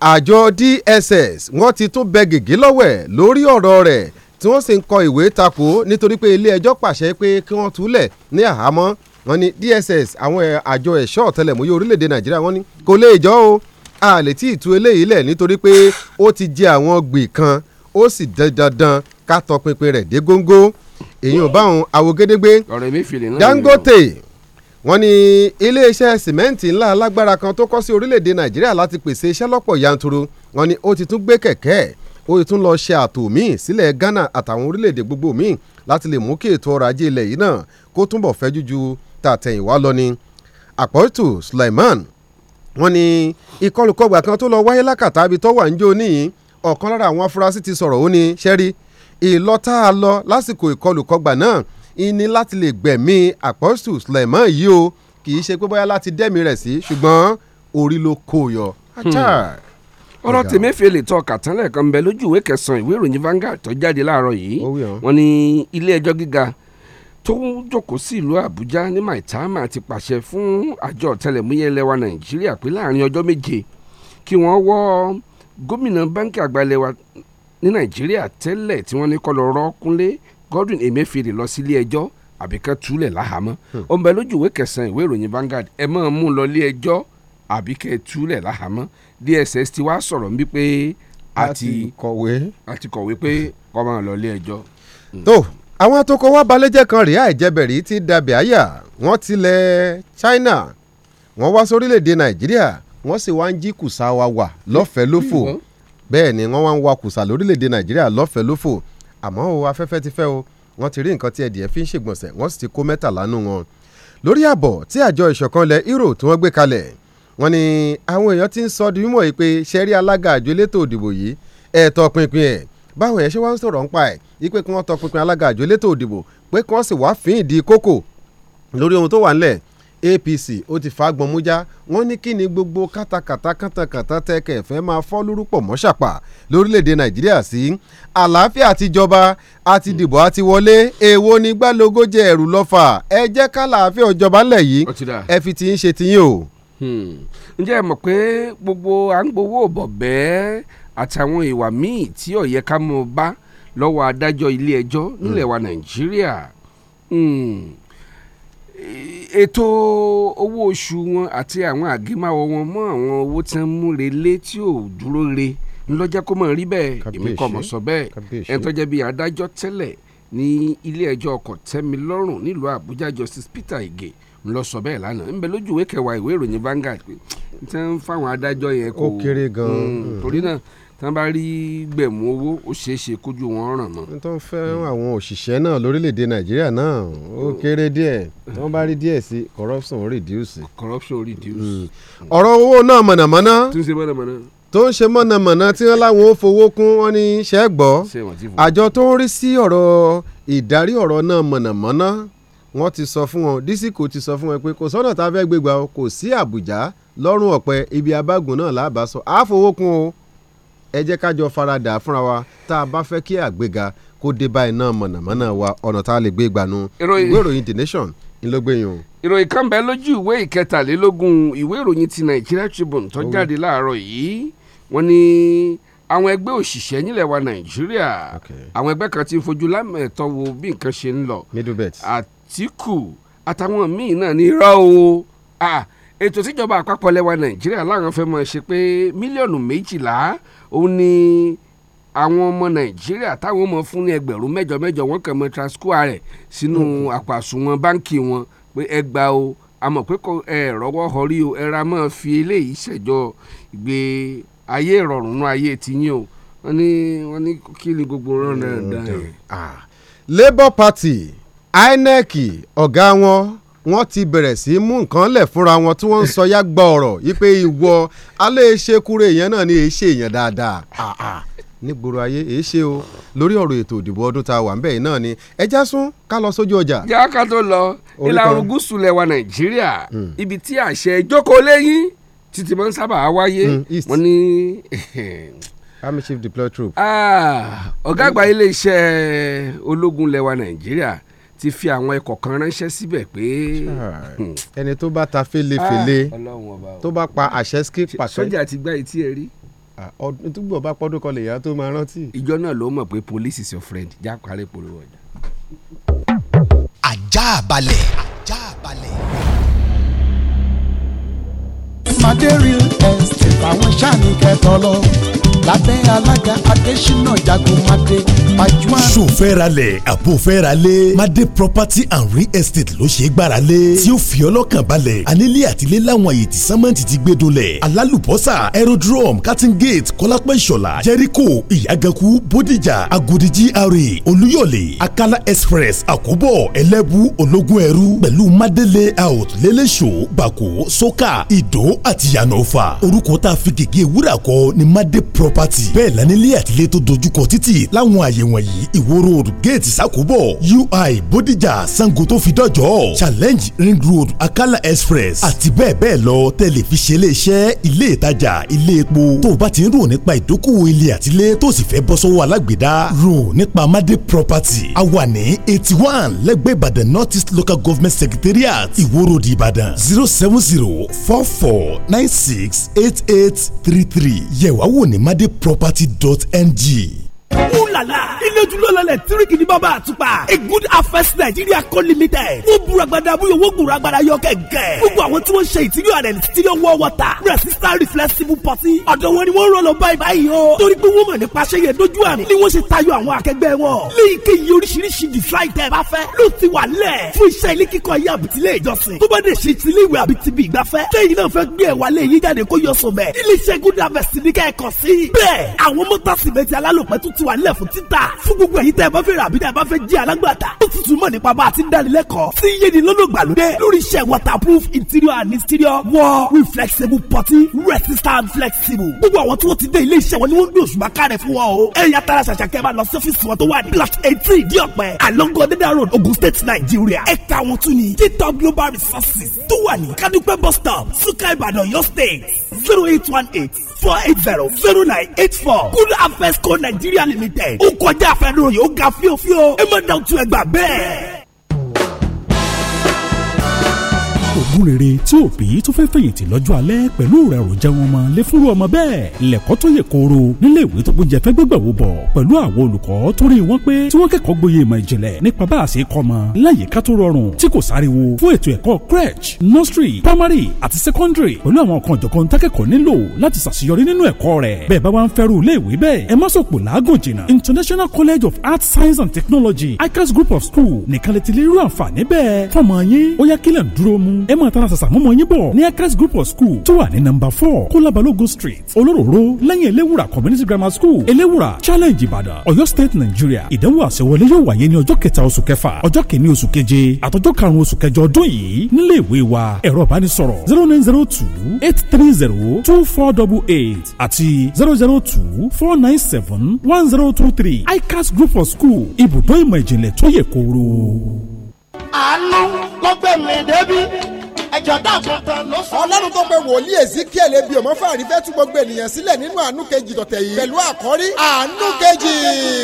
àjọ DSS wọ́n ti tún bẹ gègé lọ́wẹ̀ lórí ọ̀rọ̀ rẹ̀ tí wọ́n sì ń kọ ìwé takò nítorí pé ilé ẹjọ́ pàṣẹ pé kí wọ́n túlẹ̀ ní àhámọ́ wọ́n ní DSS àwọn àjọ ẹ̀ṣọ́ ọ̀tẹlẹ̀múyẹ́ orílẹ̀-èdè Nàìjíríà wọ́n ní kò lè jọ́ o a lè tí ì tú eléyìí lẹ̀ nítorí pé ó ti jẹ àwọn gbè kan ó sì dandan ká tọpinpin rẹ̀ dé góńgó èyí ò báwọn awogedegbe Dangote wọ́n ní iléeṣẹ́ sìmẹ́ǹtì ńlá alágbára kan tó kọ́ sí orílẹ̀-èdè nàìjíríà láti pèsè iṣẹ́ lọ́pọ̀ yanturu wọ́n ní ó ti tún gbé kẹ̀kẹ́ ó ti tún lọ ṣe àtò míì sílẹ̀ ghana àtàwọn orílẹ̀-èdè gbogbo míì láti lè mú kí ètò ọrọ̀ ajé ilẹ̀ yìí náà kó túnbọ̀ fẹ́jú ju tàtẹ̀yìnwá lọ ni àpọ́tù Suleiman wọ́n ní ìkọlùkọgbà kan tó lọ wáyé lákàtà ibi tó wà ń jó níyìn ọ̀kan lára àwọn afurasí ti sọ̀rọ̀ ó ní ṣẹ́rí ìlọ́tà lọ lásìkò ìkọlùkọgbà náà ìní láti lè gbẹ̀mí àpọ́sù Suleiman yìí o kì í ṣe pé bóyá láti dẹ́mi rẹ̀ sí ṣùgbọ́n orí ló kó o yọ. Hmm. ọ̀rọ̀ Tẹ̀mẹ́fẹ̀lẹ̀ tó ọkà tán lẹ́ẹ̀kan bẹ lójú ìwé kẹsàn-án ìwé ìròyìn
Vanguard tó jáde láàárọ̀ yìí wọ́n ní ilé ẹjọ́ gíga tó jókòó sí ìlú Àbújá ní Maitama ti pàṣẹ fún àjọ ọ̀tẹlẹ̀múyẹ́ lẹ́wà Nàìjíríà pé láàrin ọjọ́ méje kí wọ́n wọ́ gómìnà báńkì àgbà lẹ́wà ní Nàìjíríà tẹ́lẹ̀ tí wọ́n ní kó lọ rọ́ Godwin Emefiele lọ sílé ẹjọ́ àbí kan túlẹ̀ láhàámọ́ hmm. ó ń bẹ lójú ìwé kẹsàn-án ìwé ìròyìn Vanguard ẹ máa mú lọ lé ẹjọ́ àbí kẹ́ túlẹ̀ láhàámọ́ DSS ti wá sọ̀rọ̀ ń bí pé àti kọ̀wé àti kọ̀wé
pé kọ́ máa lọ lé hmm. tó àwọn atoko wa balẹ̀jẹ́ kan rèé àìjẹbẹ̀rí ti dàbí àyà wọ́n tilẹ̀ China wọ́n wá sórílẹ̀‐èdè Nàìjíríà wọ́n sì wá ń jí kùsà wa wà lọ́fẹ̀ẹ́ lófò hmm. bẹ́ẹ̀ ni wọ́n wá ń wa kùsà lórílẹ̀‐èdè Nàìjíríà lọ́fẹ̀ẹ́ lófò àmọ́ o afẹ́fẹ́ ti fẹ́ o wọ́n ti rí nǹkan tí ẹ̀dìẹ̀ fi ń ṣègbọ̀nsẹ̀ wọ́n sì ti kó mẹ́tàlá nù wọn. lórí àbọ̀ tí àjọ ìṣọ̀kanlẹ̀ euro tí wọ́n gbé kalẹ̀ wọ́n ní àwọn èèyàn ti ń sọ di mímọ̀ yìí pé ṣẹ́rí alága àjọ elétò òdìbò yìí ẹ̀tọ́ pinpin ẹ̀ báwọn yẹn ṣe wá ń sọ̀rọ̀ nípa ẹ̀ yìí pé kí wọ́n tọpinpin alága àjọ elétò òdìbò pé kí wọ́n sì wá fín ìdí kókò lórí ohun tó wà ńlẹ̀ APC ó ti fagbọn mújá wọ́n ní kí ni gbogbo kátàkátà kàtàkàtà tẹkẹ fẹ́ máa fọ́ lórúkọ mọ́ṣàpá lórílẹ̀‐èdè Nàìjíríà sí àlàáfíà àtijọba àti dìbò àti wọlé èèwo ni gbàlógójẹ ẹ̀rù lọ́fà ẹ jẹ́ kálàáfíà ọjọba ńlẹ̀ yìí ẹ fi ti ń ṣe tiyín o. Hmm. ǹjẹ́ ẹ mọ̀ pé
gbogbo à ń gbowó bọ̀ bẹ́ẹ̀ àtàwọn ìwà míì tí ó yẹ ká mọ̀ bá lọ́wọ́ adájọ́ ilé ẹjọ́ hmm. nílẹ̀ wa Nàìjíríà. Hmm ètò owó oṣù wọn àti àwọn àgémáwọ wọn mọ àwọn owó tí wọn mú relé tí ò dúró re ńlọjẹ kó mọ rí bẹ́ẹ̀ èmi kò mọ̀ sọ bẹ́ẹ̀ ẹni tó jẹ́ bíi adájọ́ tẹ́lẹ̀ ní ilé ẹjọ́ kòtẹ́milọ́rùn nílùú àbújá justice peter ige lọ sọ bẹ́ẹ̀ lánàá ń bẹ lójú ìwé kẹwàá ìwé ìròyìn Vanguard pé tí wọn ń fáwọn adájọ́ yẹn kó o kéré ganan mm, torí náà tí wọ́n bá rí gbẹ̀mú owó ó ṣeé ṣe
kójú wọn ràn mọ́. n tó ń fẹ́ àwọn òṣìṣẹ́ náà lórílẹ̀‐èdè nàìjíríà náà ó hmm. kéré díẹ̀ tí bá rí díẹ̀ sí corruption reduce. corruption reduce. Hmm. ọ̀rọ̀ owó náà mọ̀nàmọ́ná. tí ń ṣe mọ̀nàmọ́ná tó ń ṣe mọ̀nàmọ́ná tí wọ́n láwọn ó fowó kún wọn ní iṣẹ́ gbọ́ àjọ tó ń rí sí ọ̀rọ̀ ìdarí ọ̀rọ̀ náà mọ̀nàmọ́ná wọ́n ti sọ fún wọn dísìkò ti sọ fún wọn pé kò sọ́nà tá a fẹ́ gbégbá kò sí àbùjá lọ́rùn ọ̀pẹ ibi abágùn náà lábàá sọ àfowó kún o ẹ jẹ́ ká jọ faradà fúnra wa tá a bá fẹ́ kí àgbéga kó dé bá iná mọ̀nàmọ́ná wa ọ̀nà tá a lè gbé ìgbàanu ìwé ìròyìn the nation ńlọgbẹ̀yìn o.
ìròyìn kan bẹ lójú ìwé ìkẹtàlélógún ìwé ìròyìn ti Nigeria Tribune tó jáde láàárọ̀ yìí wọ́n ní àwọn ẹgbẹ́ òṣìṣẹ́ nílẹ̀ wa Nàìjíríà àwọn ẹgbẹ́ kan ti ń fojú lámẹ̀tọ́ wo bí nǹkan ṣe ń lọ Àtíkù àtàwọn míì náà ní irọ́ o ètò tíjọba àpapọ̀ lẹ̀ Nàìjíríà láwọn fẹ́ mọ̀ ṣe pé mílíọ̀nù méjìlá òun ni àwọn ọmọ nàìjíríà táwọn mọ̀ fún ní ẹgbẹ̀rún mẹ́jọ mẹ́jọ wọn kàn mọ́ transcoa rẹ̀ sínú àpò àsùnwọ̀n wọn pé ẹ gba o àmọ́ pé kò ẹ rọ́wọ́ họrí o ẹ ra máa fi eléyìí ṣẹ̀jọ ìgbé ayé ìrọ̀rùn ayé tiyín o wọ́n ní wọ́n ní kí ni gbogbo
rán náà dáa. Ah. Labour Party INEC ọ̀gá wọn wọ́n ti bẹ̀rẹ̀ sí mú nǹkan lẹ̀ fúnra wọn tí wọ́n ń sọ yá gba ọ̀rọ̀ yìí pé ìwọ aléṣekúre èèyàn náà ni èé ṣe èèyàn dáadáa nígboro ayé èé ṣe o lórí ọ̀rọ̀ ètò ìdìbò ọdún tá a wà ńbẹ̀ yìí náà ni ẹja sún ká lọ sójú ọjà.
já ká tó lọ ìlà oòrùn gúúsù lẹwa nàìjíríà hmm. ibi tí àṣẹ ìjókòó lẹ́yìn títí máa ń sábà wáyé hmm, wọ́n ní.
army chief deploy troop.
Ah, ọ̀gá àgbà iléeṣẹ́ ológun lẹwa nàìjíríà ti fi àwọn ẹ̀kọ́ kan ránṣẹ́ síbẹ̀
pé. Hmm. ẹni tó bá ta
fèlèfèlè
ah, tó bá pa àṣẹ́síkì
pàṣẹ. sọ́jà ti gbá etí ẹ rí.
ọdún tó bá pọ́dún kan lèyàn tó máa rántí. ìjọ náà ló mọ̀ pé
police is your friend já polówó ọjà.
ajá balẹ̀.
ajá balẹ̀. madé real
estate àwọn sáà ní kẹtọ lọ lábẹ́ alága adésínà jagun madé
pajúwa. sofẹ́ralẹ̀ àbúfẹ́ralẹ̀ madé property and real estate ló ṣe é gbáralẹ̀ tí ó fi ọlọ́kàn balẹ̀ anílé àtìlẹ́ láwọn àyè tí sámẹ́ǹtì ti gbé dolẹ̀ alálùbọ́sà aerodrome cutting gate kọ́lápẹ́ ìṣọ̀lá jẹ́ríkò ìyàgànkù bódìjà agodi gra olúyọ̀lé akala express àkóbọ̀ ẹlẹ́bù ológun ẹrú pẹ̀lú madé layout lẹ́lẹ́ṣọ́ bàkó sọ́kà ìdó àti yànnọ́fà orúkọ tá a fi gègé ni madé property property bẹ́ẹ̀ la nílé àtilẹ̀ tó dojúkọ títì láwọn àyè wọ̀nyí ìwó gate sakobo ui Bodija sango tó fi dọ́jọ́ challenge ring road akala express àti bẹ́ẹ̀ bẹ́ẹ̀ lọ tẹlifíṣẹ́ iléeṣẹ́ ilé ìtajà ilé epo tó o bá ti ń rò nípa ìdókòwò ilé àtilẹ̀ tó sì fẹ́ bọ́ sọ́wọ́ alágbèédá rò nípa amadé property a wà eighty one lẹ́gbẹ̀ẹ́ ìbàdàn north east local government secretariat ìwó road ìbàdàn zero seven zero four four nine six eight eight three three yẹ̀wá wò ní amadé adeproperty.ng
Ulala! Ilé jùlọ lọlẹ̀ tíríkì ní bàbá àtúpà. A good affairs Nigeria co limited. Mo bùrọ̀ agbada bóyá owó gbùrọ̀ agbada yọ kẹ̀kẹ́. Gbogbo àwọn tí wọ́n ṣe ìtìlú àrẹ̀ ìtìlú wọ́ wọ́ta. Resistant reflexible pọtí. Ọ̀dọ̀ wọn ni wọ́n rán lọ báyìí báyìí o. Torí pé wọ́n mọ̀ nípa ṣe yẹn dójú àmì. Ni wọ́n ṣe tayọ àwọn akẹgbẹ́ wọn. Léyìíkéyìí oríṣiríṣi design tẹ́ ẹ bá fẹ́. Ló ti wà lẹ̀. Fún iṣẹ́ ilé kíkọ́ yé àbí tilé ìjọsìn. Tó bá dé ṣe tilé ìwé àbí tibi ìgbafẹ́. Téyìn náà fẹ́ gbé ẹ̀wà lé yín jáde kó yọ sùn bẹ̀. Ilé iṣẹ́ good harvest ní kẹ́ẹ̀kan sí. Bẹ́ẹ̀ àwọn mọ́tà sìmẹ́ntì alálòpẹ́ tún ti wà nílẹ̀ fún títà fún gbogbo ẹ̀yin tẹ́ ẹ bá fẹ́ rà àbí tẹ́ ẹ bá fẹ́ jẹ́ alágbàtà ó tuntun mọ̀ nípa bá a ti ń dánilẹ́kọ̀ọ́ sí yéni lọ́dọ̀gbàlódé lórí iṣẹ́ waterproof interior and exterior wall reflexible putty resistant flexible gbogbo àwọn tí wọ́n ti dé ilé iṣẹ́ wọn ni wọ́n ń gbé òṣùpá kárẹ̀ fún wọn o ẹ̀yà tara ṣàṣàkẹ́ máa lọ sọ́fíìsì wọn tó wà ní plot eighteen di ọ̀pẹ alongo deda road Ogun State Nigeria ẹ̀ka wọn tún ní títọ́ global resources tó wà ní Kadupẹ́ bus stop Suka Ibadan your State zero eight one eight four eight zero zero nine eight four good harvest co nigeria limited ó kọjá àfẹnuròyìn ó ga fíofío ẹ má dàtú ẹgbà bẹ́ẹ̀
ògúnrere tí òbí tó fẹ́ fẹ̀yìntì lọ́jọ́ alẹ́ pẹ̀lú rẹ̀ rò jẹun ọmọ lé fúnrú ọmọ bẹ́ẹ̀ lẹ̀kọ́ tó yẹ kooro nílé ìwé tó gbóúnjẹ fẹ́ gbẹ̀gbẹ̀wò bọ̀ pẹ̀lú àwọn olùkọ́ tó rí wọn pé tí wọ́n kẹ́kọ̀ọ́ gboyè ìmọ̀ ìjìnlẹ̀ nípa bá a ṣe kọ́ ọmọ láyìíká tó rọrùn tí kò sáriwo fún ètò ẹ̀kọ́ crèche nursery primary àti secondary pẹ̀lú àwọn nǹkan ìjọ̀kan tákẹ́kọ̀ọ́ nílò láti ṣàṣeyọrí nínú ẹ̀kọ́ rẹ̀ bẹ́ẹ̀ bá wá ń fẹ́rù ilé ìwé bẹ́ẹ̀ ẹ má sòpò láàgùn jìnnà international college of arts science and technology icas group of school nìkan lè ti lè rú àǹfààní bẹ́ẹ̀ fọmọ yín ó yá kílẹ̀ ń dúró mú ẹ máa tara sàṣà mọ́mọ́ yín bọ̀ ní acres group of school tó wà ní number four kólabalogo street olóròró lẹ́yìn eléwùrà community grammar school eléwùrà challenge ìbàdàn ọ̀yọ́ state Nigeria. ìdánwò àṣewọlé yóò wáyé ní ọjọ́ kẹta oṣù kẹfà ọjọ́ kìíní oṣù keje àtọjọ́ karùn-ún oṣù kẹjọ ọdún yìí nílé ìwé wa ẹ̀rọ ìbánisọ̀rọ̀ zero nine zero two eight three zero two four double eight àti zero zero two four nine seven one zero two three icas group of school ibùdó ìmọ̀ ìjìnlẹ̀ tó yẹ kóró.
àánú ló
gbẹ̀mí ẹjọ́ dákun tán ló sọ. ọlọ́run tó pe wòlíì ezekiel ebi òmò fàárí fẹ́ tú gbogbo ènìyàn sílẹ̀ nínú àánú kejì tọ̀tẹ̀ yìí pẹ̀lú àkọ́rí àánú kejì.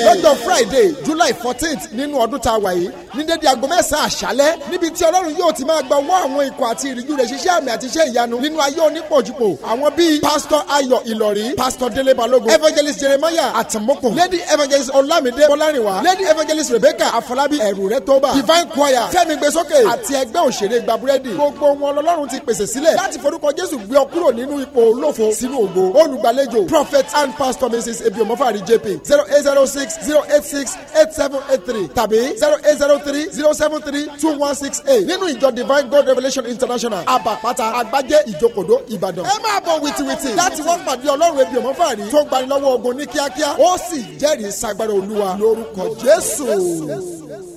lọ́jọ́ friday july fourteenth nínú ọdún tá a wà yìí ní dédé aago mẹ́sàn-án àṣálẹ́ níbi tí ọlọ́run yóò ti máa gba ọwọ́ àwọn ikọ̀ àti ìrìjú rẹ̀ ṣiṣẹ́ àmì àti iṣẹ́ ìyanu nínú ayé onípòjúpò àwọn bíi pastor ayọ̀ ìlọ̀rí pastor délé balógun evangelist jeremiah àtàmókò lady evangelist olamide bọ́lárìnwá lady evangelist rebecca afọlábí ẹ̀rù rẹ̀ tó bá divine choir fẹ́mi gbèsókè àti ẹgbẹ́ òṣèré gbaburẹ́dì gbogbo wọn lọ́lọ́run ti pèsè sílẹ̀ láti forúkọ jésù gbé ọ kúrò nínú ipò olófo sínú ògo olùgbàlejò prophet and pastor mrs ebiomofari jp zero eight zero six zero eight six eight seven eight three tàbí zero eight zero three zero seven three two one six eight nínú ìjọ divine god revelation international abapata agbájé ìjókòdó ìbàdàn. ẹ máa bọ̀ wìtìwìtì láti wọ́n pàdé ọlọ́run ebiomofari tó gbanilọ́wọ́ ogun ní kíákíá ó sì jẹ́rìí sagbára olúwa lórúkọ jésù. jésù.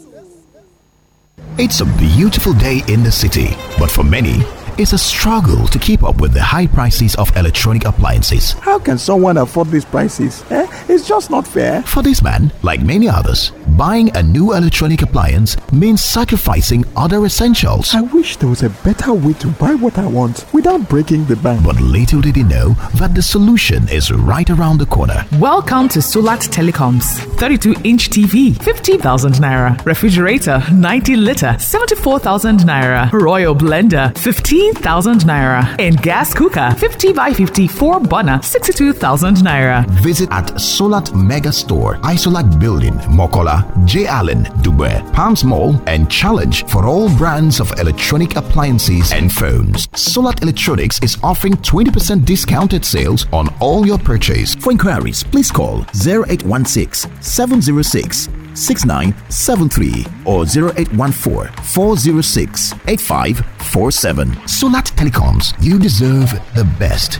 It's a beautiful day in the city, but for many, it's a struggle to keep up with the high prices of electronic appliances.
How can someone afford these prices? Eh? It's just not fair. For this man,
like many others, buying a new electronic appliance means sacrificing other essentials. I wish there was a better way to buy what I want without breaking the bank. But little did he know
that the solution is right around the corner. Welcome to Solat Telecoms. 32 inch TV, 50,000 naira. Refrigerator, 90 litre, 74,000 naira. Royal blender, 15,000 naira. And gas cooker, 50 by 54 burner, 62,000 naira. Visit at Solat Mega Store, Isolat
Building, Mokola, J. Allen, Dubai, Palms Mall, and Challenge for all brands of electronic appliances and phones. Solat Electronics is offering 20% discounted sales on all your purchase. For inquiries, please call 0816 706 6973 or 0814 406 8547. Solat Telecoms, you deserve the best.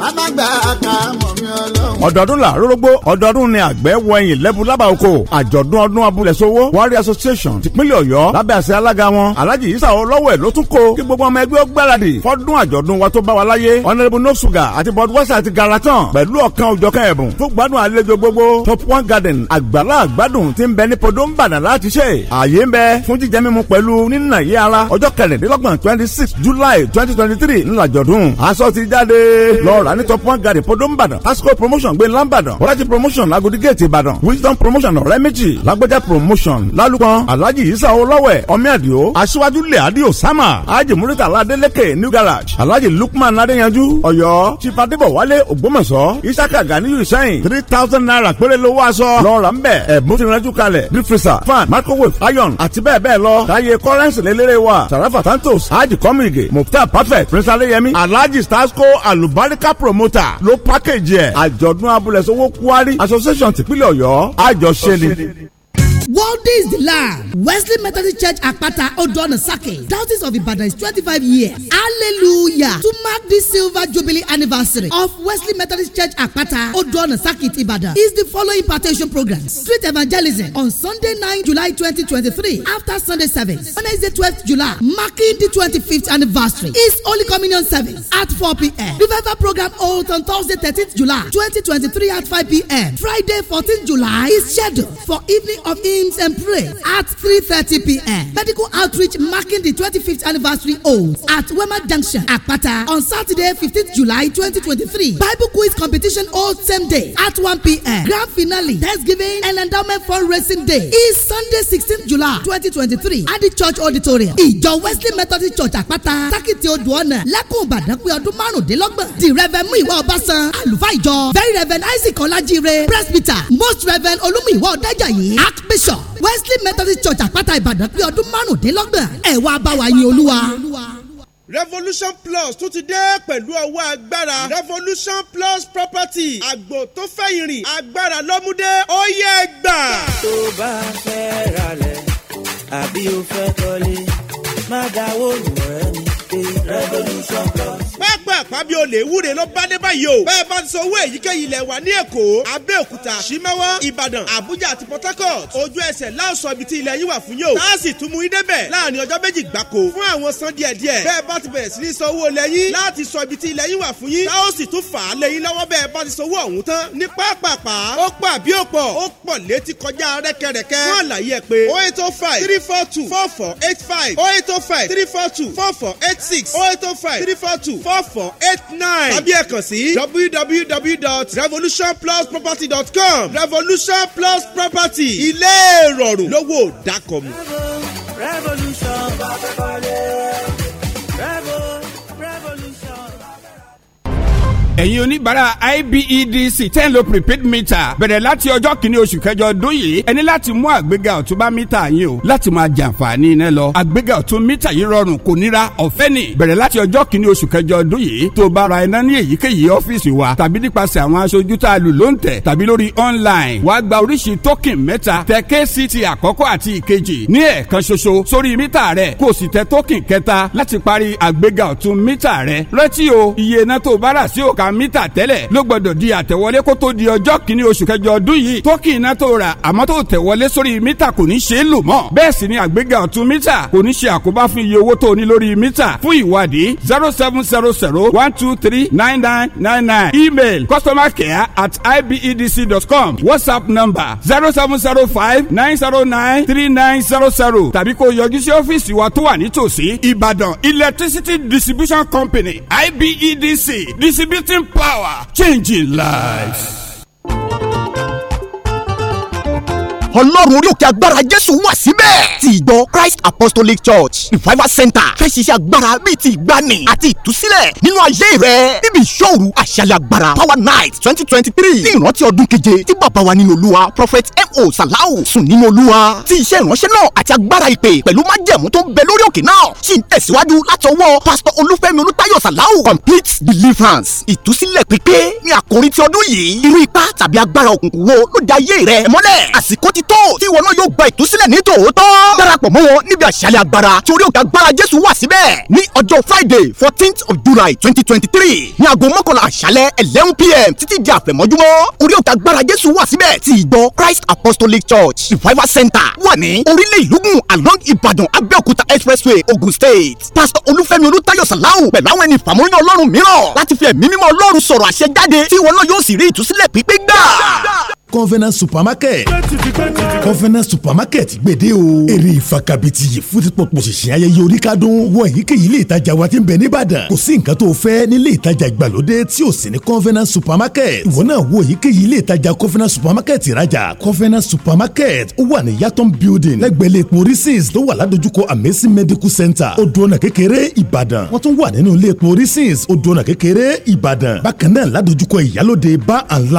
màmá
gba àkàmọ̀
mi ọlọ́run. ọ̀dọ́dún la rórógbó ọ̀dọ́dún ni àgbẹ̀ wọ̀nyí lẹ́bù lábàákò àjọ̀dún ọdún abúlẹ̀sowó warrior association tìpínlẹ̀ ọ̀yọ́ lábẹ́ àṣẹ alága wọn alhaji isa ọlọ́wẹ̀ ló tún kó kí gbogbo ọmọ ẹgbẹ́ ó gbáradì fọ́dún àjọ̀dún wa tó bá wa láyé honourable no sugar àti budweiser àti garatan pẹ̀lú ọ̀kan òjọ̀kan ẹ̀bùn tó gbádùn àlejò gbogbo top one garden àgbàlá àgbádùn ti ń bẹ ní podo ń bàdàn láti ṣe àyè ń bẹ fún twenty six july twenty twenty three ńlá àjọ̀dún aṣọ ti jáde lọ rà ní top one garden podo nìbàdàn tasco promotion gbé lánbàdàn bọ́lájì promotion lagodi gate ìbàdàn wisdom promotion ọ̀rẹ́ méjì lágbẹ́jà promotion lálùpọ̀n alhaji isa olọ́wẹ̀ ọmí àdìo aṣíwájú lè àdìo sama alhaji murita aládélékè new garage alhaji lukman adéyanjú ọ̀yọ́ chief adébọ̀wálé ògbómọ̀ṣọ́ isaka ganiyu ìsẹ́yìn three thousand naira péré ló wá aṣọ lọ́ọ̀rà ń bẹ̀ ẹ̀bùn ti rẹ́jú kalẹ̀ deep freezer fan microwave iron àti bẹ́ẹ̀ bẹ́ẹ̀ lọ káyé currency lélẹ́rẹ́ wa sarafa santos alhaji kọ́mìgè mufta perfect prince adéyẹmí alhaji tasco alubari local promoter ló package ẹ̀ àjọ̀dún abúlé sowó kwari association tìpínlẹ̀ ọ̀yọ́ àjọṣe ni.
Worldly is the land. Wesley Methodist Church Akpata Odona Sake. Thousands of Ibadan is twenty five years. Hallelujah. To mark this silver jubilee anniversary of Wesley Methodist Church Akpata Odona Sakit Ibadan is the following impartation programs. Street evangelism on Sunday 9 July 2023 after Sunday service. Wednesday 12th July marking the 25th anniversary is Holy Communion service at 4 p.m. Revival program holds on Thursday 13th July 2023 at 5 p.m. Friday 14th July is scheduled for evening of evening hymns and praise at 3.30 p.m. Medical outreach marking the 25th anniversary Old at Wema Junction, Akpata on Saturday, 15th July 2023. Bible quiz competition all same day at 1 p.m. Grand finale, Thanksgiving and endowment fundraising day is Sunday, 16th July 2023 at the church auditorium. Ìjọ Wesley Methodist Church Akpata, Sakiti Oduona, Lẹ́kùn Ìbàdàn pé ọdún márùndínlọ́gbọ̀n. The Reverend Muiwa Obasa, àlùfáà ìjọ. Very Reverend Isaac Olajire, Presbyter, Most Reverend Olúmúyíwá Ọ̀dájàyí, Archbishop bishop wesley methodist church àpáta ìbàdàn pé ọdún márùndínlọ́gbọ̀n ẹ̀ wá yin
olúwa
revolution plus tún ti dé pẹ̀lú ọwọ́ agbára revolution plus property àgbò tó fẹ́ ìrìn agbára lọ́múdé ó yẹ gbà. tó bá fẹ́ ralẹ̀ àbí o fẹ́ kọ́lé má dáwọ́ lù
ẹ́ pé revolution plus
àpábí olè wúre ló bá dé báyìí o. bẹ́ẹ̀ bá ti sọ owó èyíkéyìí ilẹ̀ wa ní èkó abẹ́òkúta ṣímẹ́wọ́ ìbàdàn àbújá àti port harcourt ojú ẹsẹ̀ láòsọ ibi tí ilẹ̀ yín wà fún yóò. táàsì tún mú idé bẹ̀ láàrin ọjọ́ méjì gbáko fún àwọn san díẹ̀ díẹ̀. bẹ́ẹ̀ bá ti bẹ̀rẹ̀ sí ní sọ owó ilẹ̀ láti sọ ibi tí ilẹ̀ yín wà fún yín. tá ó sì tún fà á lé yín lọ́wọ́ bẹ́ẹ̀ bá ti sọ owó eight nine tàbí ẹ sí www.revolutionplusproperty.com revolution plus property ilé ìrọ̀rùn lówó dákọ̀mù.
revolution bá fẹ́ kọ́lé.
ẹ̀yin oníbàárà IBEDC ten lo prepaid meter bẹ̀rẹ̀ láti ọjọ́ kìíní oṣù kẹjọ ọdún yìí ẹni láti mú àgbéga ọ̀túnba mítà yín o láti máa jàǹfààní iná lọ àgbéga ọ̀tún mítà yìí rọrùn kò nira ọ̀fẹ́ ni bẹ̀rẹ̀ láti ọjọ́ kìíní oṣù kẹjọ ọdún yìí tó bá ra iná ní èyíkéyìí ọ́fíìsì wa tàbí nípasẹ̀ àwọn aṣojú tá a lù ló ń tẹ̀ tàbí lórí online wàá gba oríṣi token mẹ́ta tẹ kct àkọ́kọ́ àti ìkejì ní ẹ̀ẹ̀kan ṣoṣo sórí mítà rẹ kó o sì tẹ token kẹta láti parí àgbéga iye iná tó bá rà kan mítà tẹ́lẹ̀ ló gbọ́dọ̀ di àtẹ̀wọlé kó tó di ọjọ́ kìíní oṣù kẹjọ ọdún yìí tó kì í ná tó rà àmọ́ tó tẹ̀wọlé sórí mítà kò ní ṣe é lò mọ́ bẹ́ẹ̀ sì ni àgbéga ọ̀tún mítà kò ní ṣe àkóbá fún iye owó tó ní lórí mítà fún ìwádìí zero seven zero zero one two three nine nine nine nine email customer care at ibedc.com whatsapp number zero seven zero five nine zero nine three nine zero zero tàbí kó yọjú sí ọ́fíìsì wa tó wà nítòsí Ìbàdàn Electricity Distribution Company IBEDC distributing creating power, changing lives.
ọlọ́run orí òkè agbára jésù wà síbẹ̀. ti ìjọ christ apostolic church revival center fẹ́ ṣiṣẹ́ agbára bíi ti ìgbani àti ìtúsílẹ̀ nínú ayé rẹ̀ níbi ìṣòro àṣàlẹ̀ agbára power night twenty twenty three ní ìrántí ọdún keje tí bàbá wa nínú olúwa prophet mo salau sùn nínú olúwa ti iṣẹ́ ìránṣẹ́ náà àti agbára ìpè pẹ̀lú májẹ̀mú tó ń bẹ lórí òkè náà sì ń tẹ̀síwájú látọwọ́ pásítọ̀ olúfẹ́mi olútáyọ̀ salau complete deliverance ìtúsílẹ̀ pípé ní àkòrí ti ọdún yìí irú ipá tàbí agbára òkùnkùn wo ló da ayé rẹ mọ́lẹ̀ àsìkò ti ti tó tí ìwọ náà yóò gba ìtúsílẹ̀ ní tòótọ́. darapọ̀ mọ́ wọn níbi àṣálẹ̀ agbára tí orí òkè agbára Jésù wà síbẹ̀ ní ọjọ́ Friday fourteenth of July twenty twenty three ní aago mọ́kànlá àṣálẹ̀ eleven pm títí di àfẹ̀mọ́júmọ́ orí òkè agbára Jésù wà síbẹ̀ tí ìjọ Christ Apostolic Church Revival Center wà ní orílẹ̀ ìlúgùn along Ìbàdàn Abẹ́òkúta expressway Ogun State Pastor Olúfẹ́mi Olútáyọ̀ Sàláù pẹ̀lú àwọn ẹni ìfàmúyàn Ọlọ́run mìíràn láti fi ẹ̀mí mímọ́ Ọlọ́run sọ̀rọ̀ àṣẹ jáde tí ìwọ náà yóò sì
convenience supermarket convenience supermarket gbèdé o èrè ìfakabiti yìí fún títpọ̀ pòṣìṣì ayẹyẹ oríkádùn wọ èyíkéyìí ilé ìtajà wa ti ń bẹ nìbàdàn kò sí nǹkan tó o fẹ́ nílé ìtajà ìgbàlódé tí ò sí ní convenience supermarket ìwọ náà wo èyíkéyìí ilé ìtajà convenience supermarket ìrajà convenience supermarket ó wà ní yàtọ̀ building lẹ́gbẹ̀ẹ́ lẹ́pọ̀ reasons tó wà ládojúkọ amazing medical center odò ọ̀nà kékeré ìbàdàn wọ́n tún wà nínú lẹ́pọ̀ reasons odò ọ̀nà kékeré ìbàdàn bákan náà ládojúkọ ìyálòde bar and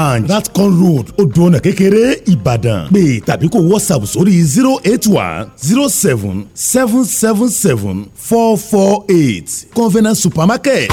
road odò ẹnu ọ̀nà kékeré ìbàdàn pé tàbí kó whatsapp sórí zero eight one zero seven seven seven seven four four eight convenance supermarket.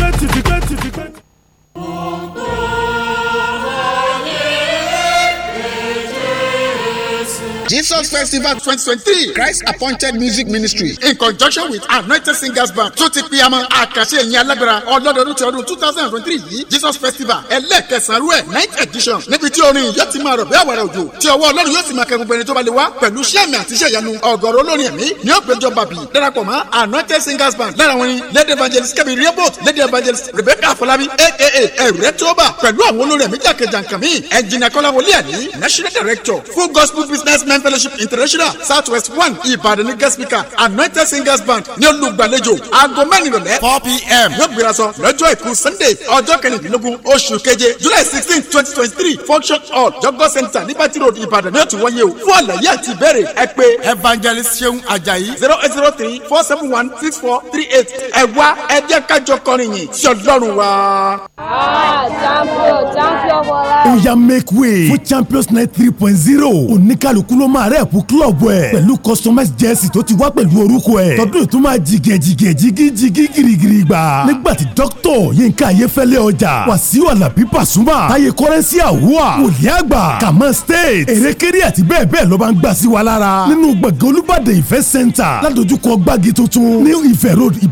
Jesus Festival 2023 Christ Appointed Music Ministry in conjunction with Anointed Singers Band tó ti pè àmọ́ àkàṣe ìyìn alágbára ọlọ́dọọdún ti ọdún 2023 yìí Jesus Festival ẹlẹ́ẹ̀kẹsàn-án rẹ̀ ninth edition níbi tí orin yóò ti máa rọ̀ bí àwàrà òjò tí ọwọ́ ọlọ́run yóò sì máa kẹ́gun gbẹ̀rin tó bá lè wá pẹ̀lú sẹ́mi àti iṣẹ́ ìyanu ọ̀gọ̀rọ̀ olórin ẹ̀mí ni ó péjọ bàbí darapọ̀ mọ́ Anointed Singers Band lára wọn ni Lady Evangelist Kemi Reboat Lady Evangelist Rebecca Afolabi aka ẹ̀rẹ́ tó bà pẹ̀lú àwọn olórin ẹ̀mí jàkẹ́jàǹkàmí ẹnjìnà Kọ́láwọlé Àní National Director Full Gospel Business fellowship international southwest one ìbàdàn ní guest speaker anointed singers band ní olùgbàlejò aago mẹ́rin ìrọ̀lẹ́ four pm yóò gbéra sọ lọ́jọ́ ìkú sunday ọjọ́ kẹrìndínlógún oṣù keje july sixteen twenty twenty three function hall jọgọ center ní bàtí road ìbàdàn ní òtún wáyé o fún àlàyé àti ìbéèrè ẹ pé evangelist seun ajayi zero eight zero three four seven one six four three eight ẹ wá ẹ jẹ́ kájọ kọrin yìí sí ọlọ́run wa. ah
champion champion
wọlé. ó make way fún champions night three point zero oníkàlùkù ló máa máa rẹ̀ pú club ẹ̀ pẹ̀lú customized jersey tó ti wá pẹ̀lú orúkọ ẹ̀ tọdún ètò máa jìgẹ̀ jìgẹ̀ jìgí jìgí girigiri gbà nígbà tí dókítọ̀ yínká ayéfẹ́lẹ́ ọjà wàsíù alábí pàṣùmà táyé kọ́rẹ́nsì àwùwà wòlíì àgbà kàmọ́ state èrèkéré àti bẹ́ẹ̀ bẹ́ẹ̀ ló máa ń gbà
sí wa lára nínú gbọ̀ngàn olúbàdàn ìfẹ́ center ládojúkọ gbági tuntun ní ìfẹ́ road